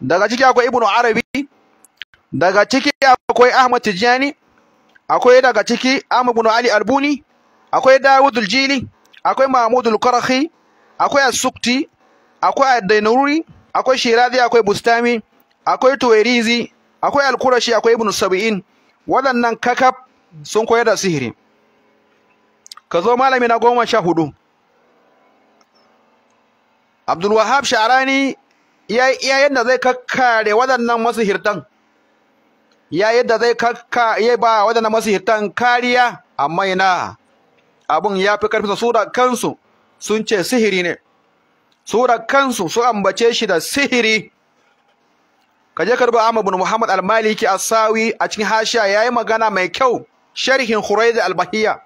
daga ciki akwai ibnu arabi daga ciki akwai ahmad tijani akwai daga ciki ahmad ibn ali albuni akwai dawud aljili akwai mahmud alqarahi akwai asukti sukti akwai adainuri akwai shirazi akwai bustami akwai tuwairizi akwai al akwai ibnu sab'in waɗannan kakaf sun koyar da sihiri ka zo malami na goma sha hudu abdul wahab sha'rani iyayen da zai kakkare waɗannan masu hirtan ya zai kakka ya ba waɗannan masu kariya amma ina abun ya fi su da kansu sun ce sihiri ne su da kansu su ambace shi da sihiri ka je karɓi Ahmad bin Muhammad al-Maliki sawi a cikin hashiya yi magana mai kyau sharhin hurai da albahiya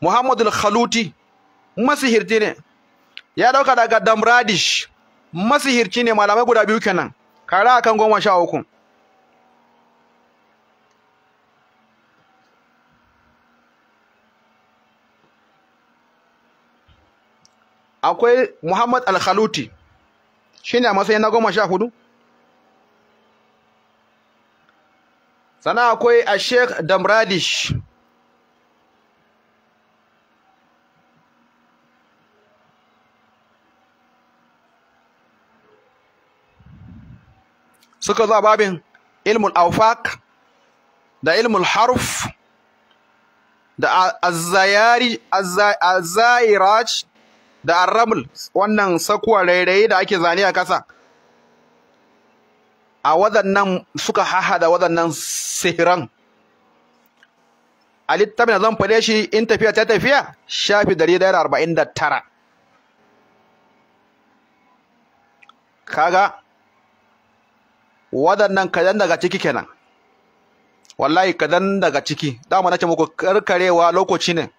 Muhammad al-Khaluti masihirti ne ya ɗauka daga Damradish masihirci ne malamai guda biyu kenan kara akan goma sha uku akwai Muhammad Al-Khaluti ne a matsayin na goma sha hudu Sana akwai a Sheikh Damradish suka zo babin ilmul aufak da ilmul haruf da azayiraj da arramul wannan sakuwa rairaye da ake zane a kasa a wadannan suka da wadannan sihiran a littafin zan fade shi in tafiya ta tafiya shafi dari da arba'in da tara kaga waɗannan kadan daga ciki kenan wallahi kadan daga ciki dama nace muku karkarewa lokaci ne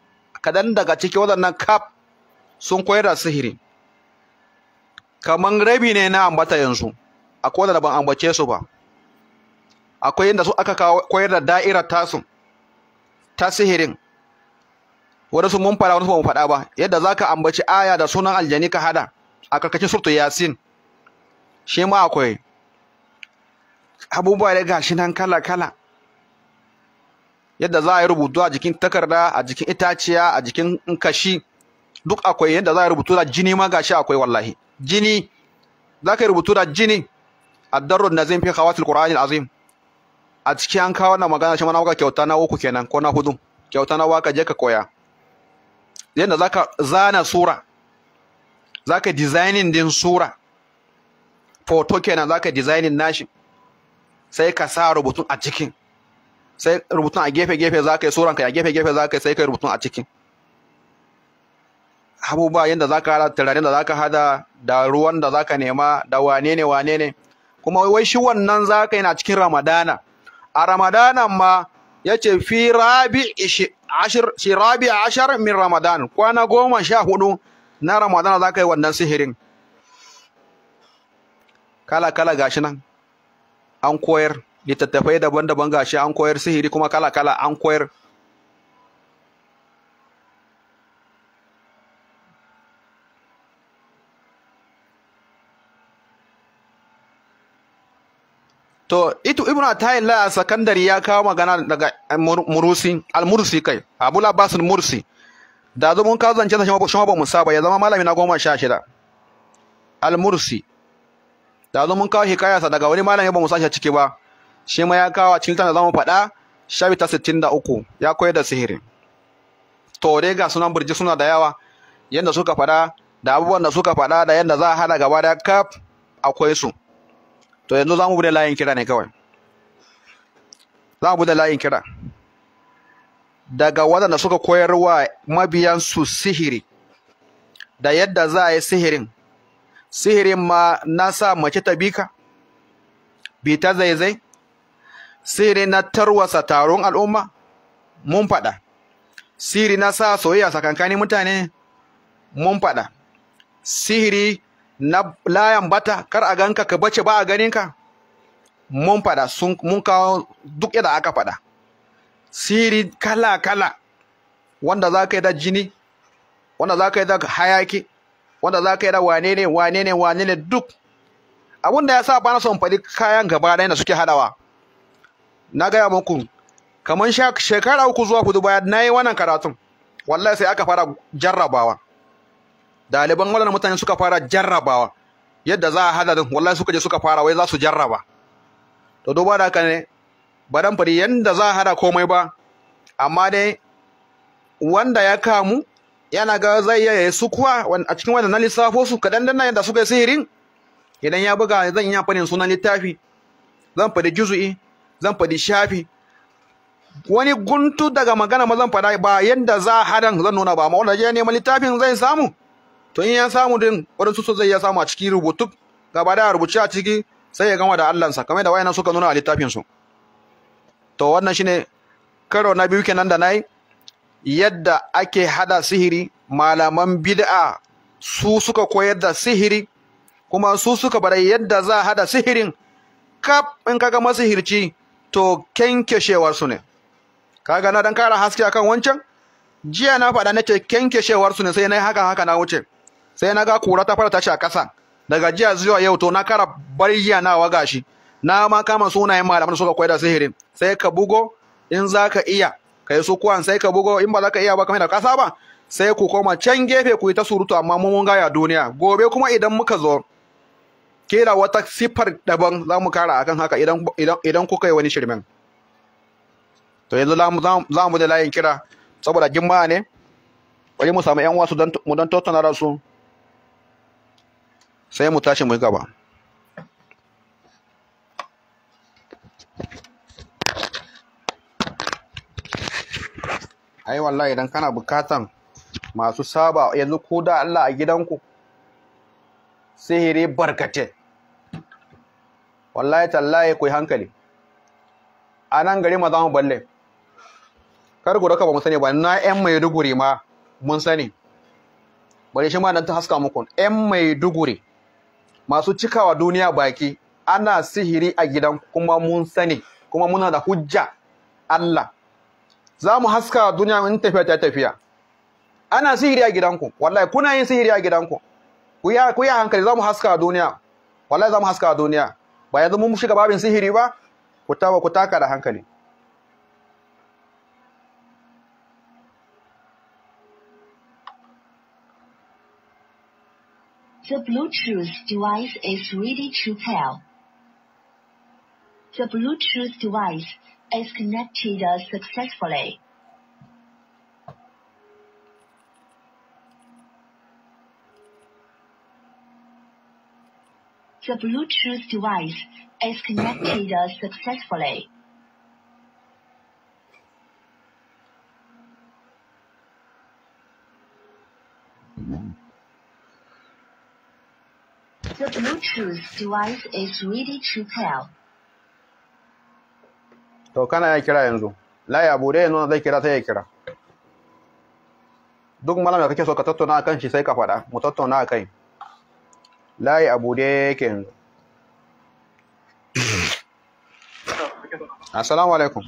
kadan daga ciki waɗannan kaf sun koyar da sihiri kaman rabi ne na ambata yanzu akwai wanda ban ambace su ba akwai inda su aka koyar da da'irar tasu ta sihirin wani su mun fara wani su faɗa ba yadda zaka ambaci aya da sunan aljani ka hada a karkashin surtu yasin shi ma akwai abubuwa da gashi nan kala-kala yadda za a yi rubutu a jikin takarda a jikin itaciya a jikin kashi duk akwai yadda za a yi rubutu da jini ma gashi akwai wallahi jini za ka yi rubutu da jini addarrun nazim fi khawatil qur'anil azim a cikin an kawo na magana shi mana waka kyauta na uku kenan ko na hudu kyauta na waka je ka koya yadda za ka zana sura za ka dizainin din sura foto kenan za ka dizainin nashi sai ka sa rubutun a cikin sai rubutun a gefe-gefe za ka yi suranka a gefe-gefe za ka yi sai ka yi rubutun a cikin abubuwa yadda za ka hada turaren da za ka hada da ruwan da za ka nema da wane ne wane ne kuma wai shi wannan za ka yana cikin ramadana a ramadana ma ya ce fi rabi ashir shi rabi ashar min ramadan kwana goma sha hudu na ramadana za ka yi wannan sihirin kala kala gashi nan an koyar littattafai daban-daban gashi an koyar sihiri kuma kala-kala an koyar to ito ibnu atayin la'a sakandari ya kawo magana daga murusi al-mursi kai abul basun mursi da zo mun kawo zance shi ma ba mu saba ya zama malami na goma sha shida al-mursi da zo mun kawo hikayarsa daga wani malami ba mu sashi ciki ba shi ma ya kawo a cikin tana zamu faɗa shabi ta sittin da uku ya koyar da sihiri to dai ga sunan burji suna da yawa yadda suka faɗa da abubuwan da suka faɗa da yadda za a haɗa gaba da kaf akwai su to yanzu za mu bude layin kira ne kawai za mu bude layin kira daga wanda suka koyarwa mabiyansu sihiri da yadda za a yi sihirin sihirin ma na sa mace ta bi ka bi ta zaizai sihiri na tarwasa taron al'umma mun faɗa sihiri na sa soyayya kankanin mutane mun faɗa sihiri na layan bata kar a ganka ka bace ba a ganinka mun faɗa mun kawo duk yadda aka faɗa sihiri kala-kala wanda za ka yi da jini wanda za ka yi da hayaki wanda za ka yi da wane ne wane ne wane ne duk abin da ya sa bana son faɗi kayan gaba ɗaya da suke haɗawa na gaya muku kamar shekara uku zuwa hudu baya na yi wannan karatun wallahi sai aka fara jarrabawa ɗaliban waɗannan mutane suka fara jarrabawa yadda za a hada din wallahi suka je suka fara wai za su jarraba to duba da haka ne ba dan fari yadda za a hada komai ba amma dai wanda ya kamu yana ga zai iya yi su kuwa a cikin wannan lissafo su kadan-kadan danna yadda suka yi sihirin idan ya buga zan iya fadin sunan littafi zan faɗi juzu'i zan faɗi shafi wani guntu daga magana ma zan faɗa ba yadda za hadan zan nuna ba amma wanda ya ma littafin zai samu to in ya samu din wadansu su zai ya samu a cikin rubutu gaba da rubuce a ciki sai ya gama da sa kamar da wayannan suka nuna a littafin su to wannan shine karo na biyu kenan da nayi yadda ake hada sihiri malaman bid'a su suka koyar da sihiri kuma su suka bar yadda za a hada sihirin kaf in kaga masihirci to kenkeshewar su ne kaga na dan kara haske akan wancan jiya na faɗa nake kenkeshewar su ne sai na haka haka na wuce sai na ga kura ta fara tashi a ƙasa daga jiya zuwa yau to na kara bayyanawa gashi na ma kama sunayen malaman suka koyar da sihirin sai ka bugo in zaka iya kai su kuwan sai ka bugo in ba za ka iya ba kamar da kasa ba sai ku koma can gefe ku yi ta surutu amma mun gaya duniya gobe kuma idan muka zo kera wata siffar daban za mu kara akan haka idan idan idan kuka yi wani shirmen to yanzu za mu da layin kira saboda jimma ne bari mu samu yan wasu mu don tattauna da su sai mu tashi mu gaba ai wallahi idan kana bukatan masu saba yanzu ko da Allah a gidanku sihiri barkate wallahi tallahi ku hankali a nan gari ma za mu balle kar ku raka ba mu sani ba na yan mai duguri ma mun sani bari shi ma nan ta haska muku yan mai duguri masu cikawa duniya baki ana sihiri a gidan kuma mun sani kuma muna da hujja Allah za mu haska duniya in tafiya ta tafiya ana sihiri a gidanku wallahi kuna yin sihiri a gidanku ku ya ku ya hankali za mu haska a duniya wallahi za mu haska a duniya ba yanzu mun shiga babin sihiri ba ku tawa ku taka da hankali The Bluetooth device is ready to pair. The Bluetooth device is connected uh, successfully. The Bluetooth device is connected uh, successfully. The Bluetooth device is ready to pair. to kana ya kira yanzu Layi abu bude yanzu zai kira sai ya kira duk malam da kake so ka tattauna kan shi sai ka faɗa mu tattauna a kai layi abu da yake yanzu assalamu alaikum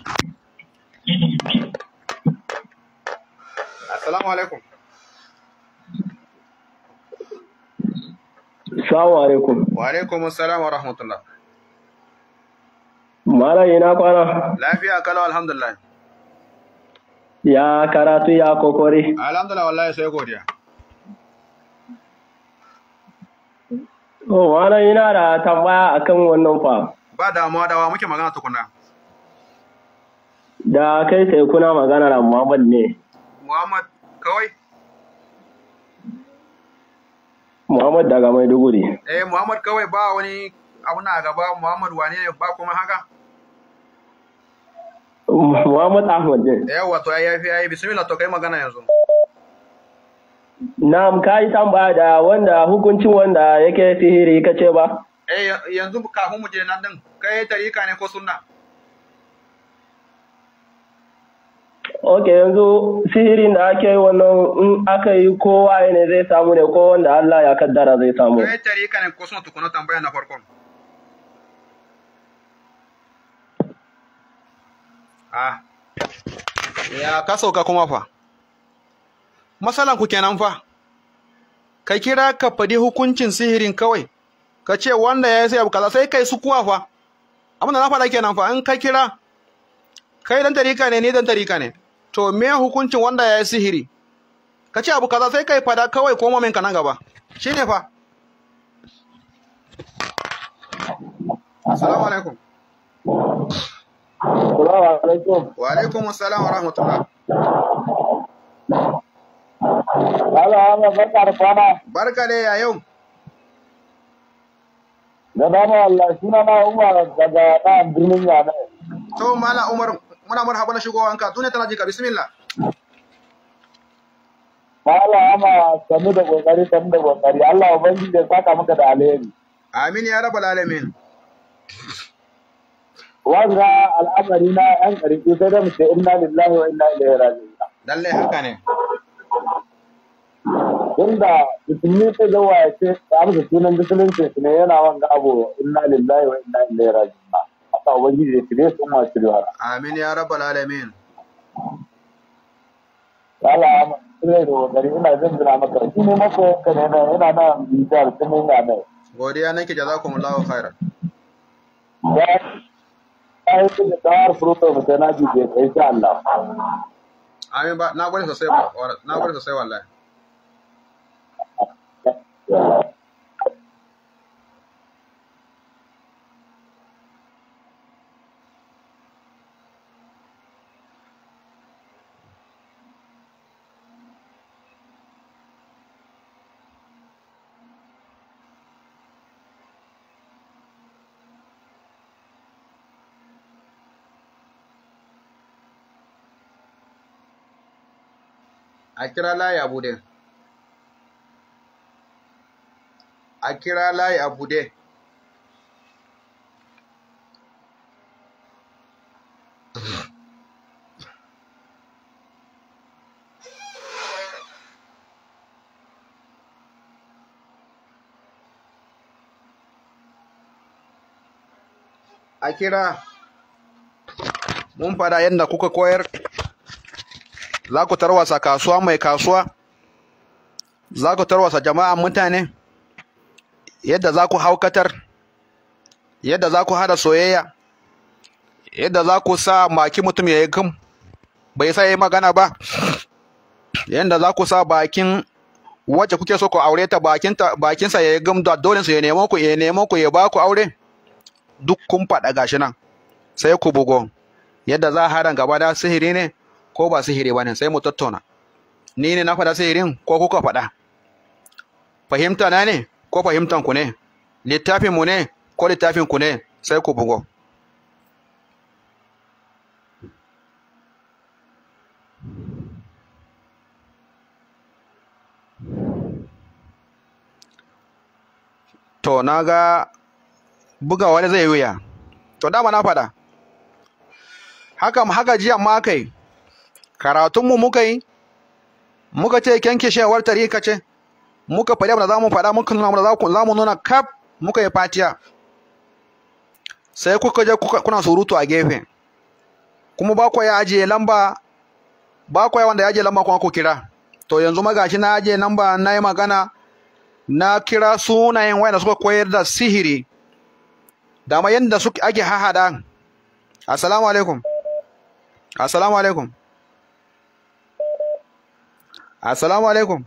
assalamu alaikum assalamu alaikum wa alaikum assalam wa rahmatullah Malam ina kwana? Lafiya kala alhamdulillah. Ya karatu ya kokori. Alhamdulillah wallahi sai godiya. Oh, malam ina da tambaya akan wannan fa. Ba damuwa da wa muke magana tukuna. Da kai sai kuna magana da Muhammad ne. Muhammad kawai? Muhammad daga Maiduguri. Eh, Muhammad kawai ba wani abu na gaba Muhammad wane ne ba kuma haka? Muhammad Ahmad ne. Eh. yawa to ya fi yayi bismillah to kai magana yanzu. Na'am kai tambaya da wanda hukuncin wanda yake sihiri kace ba? Eh yanzu kafin mu je nan din kai tarika ne ko sunna? Ok yanzu sihirin da ake yi wannan in aka yi kowa ne zai samu ne ko wanda Allah ya kaddara zai samu. Kai tarika ne ko sunna tukuna tambaya na farkon. Ah. ya ka sauka kuma fa masalan ku kenan fa ka kira ka fadi hukuncin sihirin kawai ka ce wanda ya yi sai abu kaza sai kai su kuwa fa abin da na faɗa kenan fa in ka kira kai dan tarika ne ni dan tarika ne to me hukuncin wanda ya yi sihiri ka ce abu kaza sai kai fada kawai ko mamin ka nan gaba shine fa assalamu alaikum Assalamu alaikum. Wa alaikum assalam Bala rahmatullah. Ala ala barka da kwana. Barka dai, ya yau. Da dama Allah shi na Umar daga nan birnin Yana. To mala Umar muna marhaba na shigo wanka, duniya tana jika bismillah. Mala ama sanu da kokari sanu da kokari Allah ubangiji ya saka maka da alheri. Amin ya rabbal alamin. wanga al'amari na yan ƙarfi sai da mu inna lillahi wa inna ilaihi raji'un lalle haka ne tunda musulmi ta ga waya ce ta amsa sunan musulunci su ne yana wanga abu inna lillahi wa inna ilaihi raji'un haka ubangiji ya shirye su ma shirye amin ya rabbal alamin Allah ina da kokari ina jin jira maka shi ne maka yanka ne na yana na bitar kuma ina nan godiya nake jazakumullahu khairan bayan da tsawar furta mu sai na juje ka insha amin ba na gwada sosai ba na gode sosai wallahi a kira layi a bude a kira layi a bude a kira mun fada yadda kuka koyar za ku tarwasa kasuwa mai kasuwa za ku tarwasa jama'an mutane yadda za ku haukatar yadda za ku hada soyayya yadda za ku sa maki mutum ya yi gum bai sa yi magana ba yadda za ku sa bakin wacce kuke so ku aure ta bakinsa ya yi gum da su ya nemo ku ya nemo ku ya ba ku aure duk kun faɗa gashi nan sai ku bugo yadda za a haran gaba da sihiri ne ko ba sihiri ba ne sai mu tattauna ni ne na faɗa sihirin ko kuka faɗa fahimta na ne ko fahimtan ku ne littafin mu ne ko littafin ku ne sai ku bugo to na ga bugawa zai wuya to dama na faɗa haka haka jiya ma kai karatunmu muka yi muka ce kyankyashewar tarika ce muka faɗi abin da za mu faɗa muka nuna abu da za mu nuna kaf muka yi fatiya sai kuka je kuna surutu a gefe kuma ba ku ya ajiye lamba ba ku wanda ya lamba kuma ku kira to yanzu magashi na ajiye lamba na yi magana na kira sunayen wayanda suka koyar da sihiri dama yadda ake hahada assalamu alaikum assalamu alaikum Assalamu alaikum.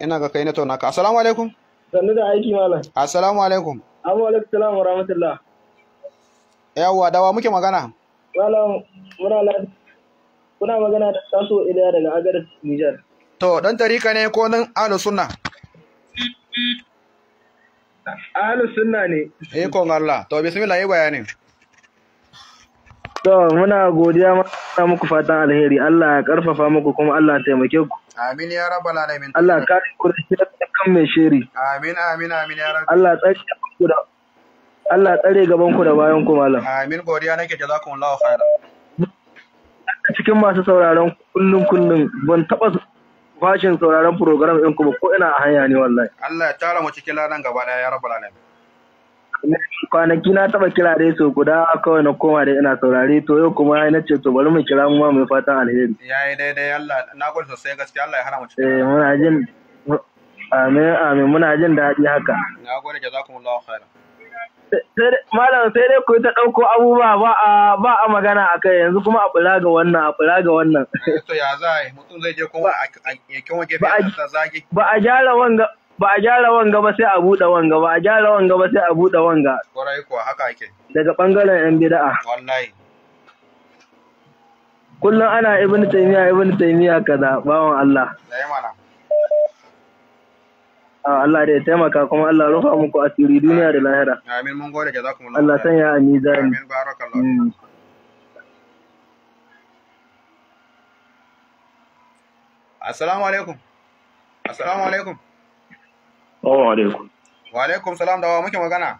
Ina ga kai na tauna ka. Assalamu alaikum. Sannu da aiki malam. Assalamu alaikum. Abu alaikum salam wa rahmatullah. Yawwa dawa muke magana. Malam muna la kuna magana da Taso Iliya daga Agar Niger. To dan tarika ne ko nan Ahlus Sunna? Ahlus Sunna ne. Eh ko Allah. To bismillah yi bayani. To muna godiya muna muku fatan alheri Allah ya karfafa muku kuma Allah ya taimake ku. Amin ya rabbal alamin. Allah ka kare ku da kan mai shiri. Amin amin amin ya rabbal. Allah tsare ku da Allah tsare gaban ku da bayan ku malam. Amin godiya nake jazakumullahu khaira. Cikin masu sauraron kullum kullum ban taba fashin sauraron program ɗin ku ba ko ina a hanya ne wallahi. Allah ya tara mu cikin ladan gaba ya rabbal alamin. kwanaki na taba kira dai so guda kawai na koma da ina saurare to yau kuma na ce to bari mu kira mu mai fatan alheri yayi daidai Allah na gode sosai gaskiya Allah ya hana mu cikin eh muna jin amin amin muna jin daɗi haka na gode jazakumullahu khairan malam sai dai ku ta ɗauko abubuwa ba a ba a magana a kai yanzu kuma a bula ga wannan a bula ga wannan eh, to ya za mutum zai je kuma a kyan waje ba a gyara wanga ba a gyara wanga ba sai a buɗe wanga ba a gyara wanga ba sai a buɗe wanga kwarai kuwa haka ake daga bangaren yan bid'a wallahi kullum ana ibnu taymiya ibnu taymiya kaza bawon Allah dai mana Allah da ya taimaka kuma Allah rufa muku asiri duniya da lahira. Amin mun gode jazakumullahu. Allah sanya a mizani. Amin barakallahu. Mm. Assalamu alaikum. Assalamu alaikum. Wa alaikum. salam da wa muke magana.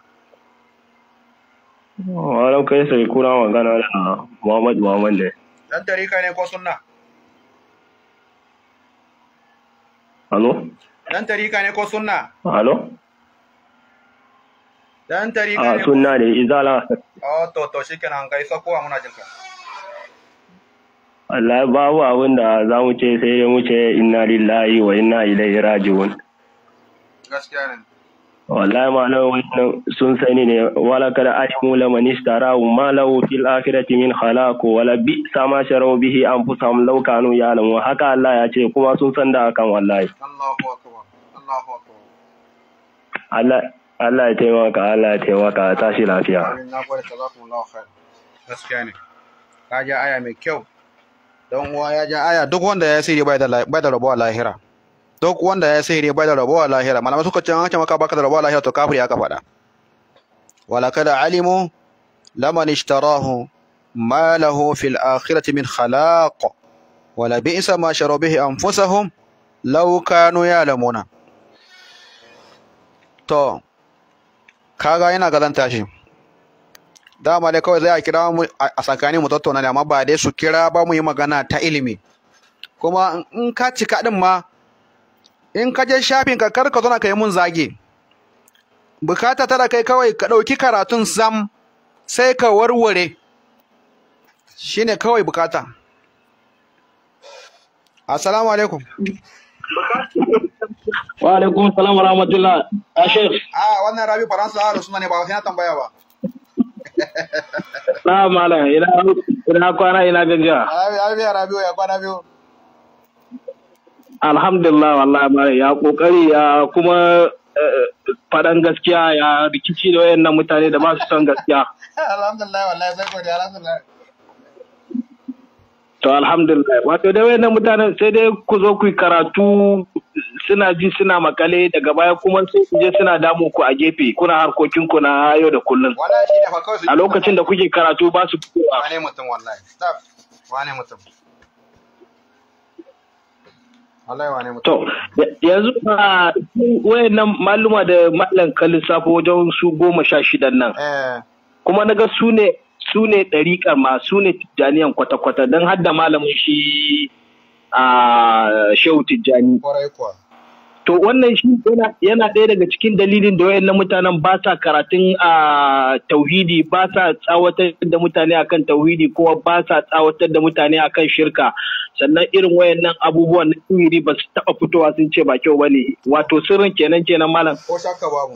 Wa alaikum kai sai kuna magana da Muhammad Muhammad ne. Dan tarika ne ko sunna? Halo? Dan tarika ne ko sunna? Halo? Dan tarika ah, ne. Ah sunna ne izala. Oh to to shikenan kai sako muna jinka. Allah babu abin da za mu ce sai mu ce inna lillahi wa inna ilaihi raji'un. gaskiya ne wallahi malam wannan sun sani ne wala kada alimu la istarahu ma lahu fil akhirati min khalaqu wala bi sama sharau bihi fusam law kanu wa haka Allah ya ce kuma sun san da hakan wallahi Allahu akbar Allahu akbar Allah ya taimaka Allah ya taimaka tashi lafiya gaskiya ne ka ja aya mai kyau dan uwa ya ja aya duk wanda ya sirri bai da bai da rabuwa lahira duk wanda ya sihiri bai da rabuwa lahira malamai suka ce an ce maka baka da rabuwa lahira to ya aka faɗa ولقد علموا لمن اشتراه ما له في الآخرة من خلاق ولبئس ما شروا به أنفسهم لو كانوا يعلمون to kaga yana gazanta shi dama dai kawai zai a kira mu a tsakanin mu tattauna ne amma ba dai su kira ba mu yi magana ta ilimi kuma in ka cika din ma in ka je shafin ka kar ka zo ka yi mun zage bukata da kai kawai ka ɗauki karatun sam sai ka warware shine kawai bukata assalamu alaikum wa alaikum salam wa rahmatullah a ah, a ah, wannan rabi faransa da rasu ne ba sai na tambaya ba na mala ina ina kwana ina gajiya rabi rabi ya kwana biyu Alhamdulillah wallahi mara ya kokari ya kuma eh, faɗan gaskiya ya rikici da wayannan mutane da ba su son gaskiya. Alhamdulillah wallahi sai godiya alhamdulillah. To alhamdulillah wato da wayannan mutanen sai dai ku zo ku karatu suna ji suna makale daga baya kuma sai je suna damu ku a gefe kuna harkokin ku na yau da kullun. A lokacin da kuke karatu ba su fitowa. Wane mutum wallahi. Wane mutum. To, yanzu a wayannan maluma da mallan kalin safo wajen su goma sha shidan nan. Eh. Kuma na ga su ne su ne ɗariƙar ma su ne tijjaniyan kwata-kwata don hadda malamin shi a ah, shehu tijjani. kuwa. To wannan shi yana ɗaya daga cikin dalilin da wayannan mutanen ba sa karatun a tauhidi ba sa tsawatar da mutane akan tauhidi kuma ba sa tsawatar da mutane akan shirka sannan irin wayannan abubuwan na iri ba su taɓa fitowa sun ce ba kyau bane wato sirrin kenan kenan malam. Ko shakka babu.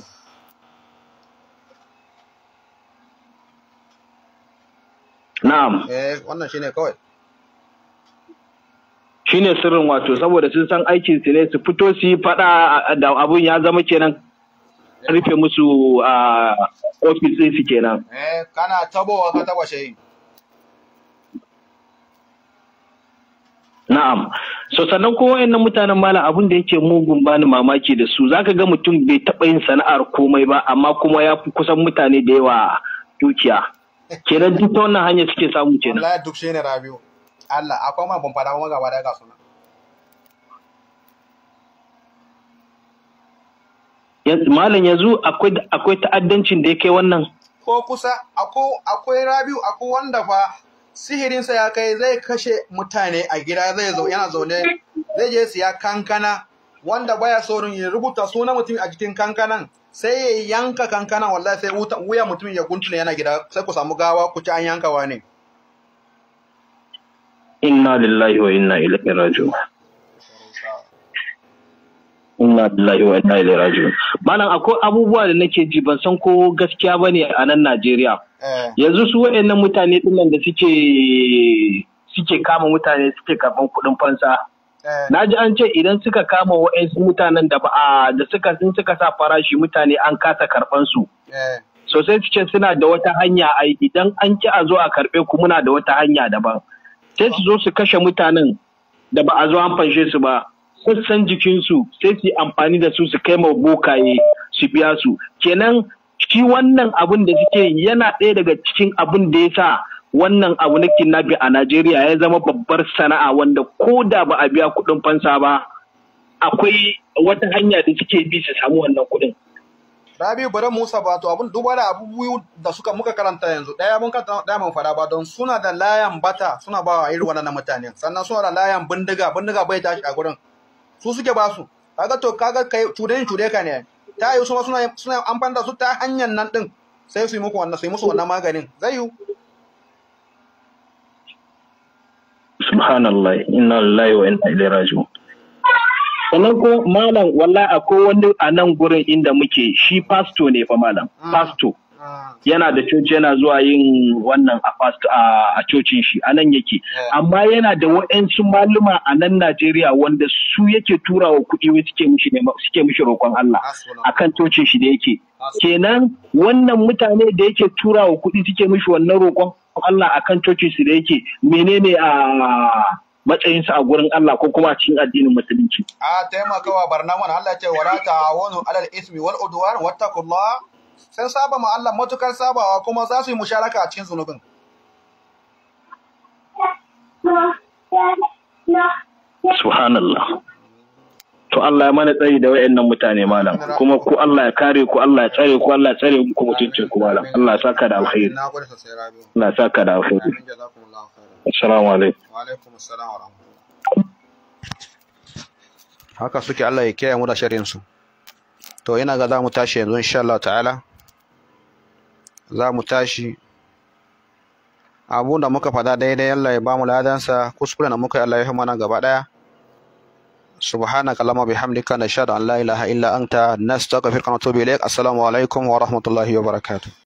Na'am. Eh wannan shine kawai. shine sirrin wato saboda sun san aikin su ne su fito su yi fada da abun ya zama kenan rufe musu a ofis su kenan eh kana tabowa ka taba shi Na'am. So sannan ko wayannan mutanen malam abin da yake mugun bani mamaki da su zaka ga mutum bai taba yin sana'ar komai ba amma kuma ya fi kusan mutane da yawa dukiya. Kenan duk ta wannan hanya suke samu kenan. Wallahi duk shine Allah akwai ma ban fada gaba da ga suna malam yanzu akwai akwai ta'addancin da yake wannan ko kusa ako akwai rabiu ako wanda fa sihirinsa ya kai zai kashe mutane a gida zai zo yana zaune zai je siya kankana wanda baya saurin ya rubuta sunan mutum a jikin kankanan sai ya yanka kankanan wallahi sai wuya mutum ya guntule yana gida sai ku samu gawa ku ci an yankawa ne inna lillahi wa inna ilaihi raji'un inna lillahi wa inna ilaihi raji'un malam akwai abubuwa da nake ji ban san ko gaskiya bane a nan Najeriya eh. yanzu su wayannan mutane din da suke suke kama mutane suke karɓan kuɗin fansa eh. na ji an ce idan suka kama wa'ansu mutanen da ba da suka sun suka sa farashi mutane an kasa karban su eh. sosai su ce suna da wata hanya ai idan an ki a zo a karbe ku muna da wata hanya daban sai su zo su kashe mutanen da ba a zo an fanshe su ba sassan jikinsu sai su yi amfani da su su kai ma bokaye su biya su kenan shi wannan abun da suke yana ɗaya daga cikin abun da ya sa wannan abu na kidnapping a Najeriya ya zama babbar sana'a wanda ko da ba a biya kuɗin fansa ba akwai wata hanya da suke bi su samu wannan kuɗin. Rabi'u bari Musa ba to abin duba da abubuwa da suka muka karanta yanzu daya mun karanta daya mun fada ba don suna da layan bata suna ba wa irin wannan mutane sannan suna da layan bindiga bindiga bai tashi a gurin su suke ba su kaga to kaga kai cudayin cude ka ne ta yi suma suna suna amfani da su ta hanyar nan din sai su yi muku wannan su yi musu wannan maganin zai yi subhanallah inna lillahi wa inna ilaihi raji'un sannan ko malam walla akwai wani a nan gurin inda muke shi pasto ne fa malam ah. pasto ah. yana da coci yana zuwa yin wannan a cocin shi a nan yake eh. amma yana da wa'yansu maluma a nan Najeriya wanda su yake tura wa kuɗi wai suke mishi suke roƙon Allah akan cocin shi da yake kenan wannan mutane da yake tura wa kuɗi suke mishi wannan roƙon Allah akan cocin shi da yake menene a matsayinsa a gurin Allah ko kuma cikin addinin musulunci. A taimakawa mana Allah ce wala wani alal ismi wal udwan wattaqullah sun saba ma Allah matukar sabawa kuma za su yi musharaka a cikin zunubin. Subhanallah. To Allah ya mana tsari da wayannan mutane malam kuma ku Allah ya kare ku Allah ya tsare ku Allah ya tsare ku mutuncin ku malam Allah ya saka da alkhairi. Allah ya saka da alkhairi. Assalamu alaikum. Wa alaikum assalam wa rahmatullah. Haka suke Allah ya kiyaye mu da sharrin su. To ina ga za mu tashi yanzu insha Allah ta'ala. Za mu tashi abun da muka fada daidai Allah ya bamu ladansa kuskuren da muka Allah ya mana gaba daya subhanaka allahumma bihamdika nashhadu an la ilaha illa anta nastaghfiruka wa natubu ilaik assalamu alaikum wa rahmatullahi wa barakatuh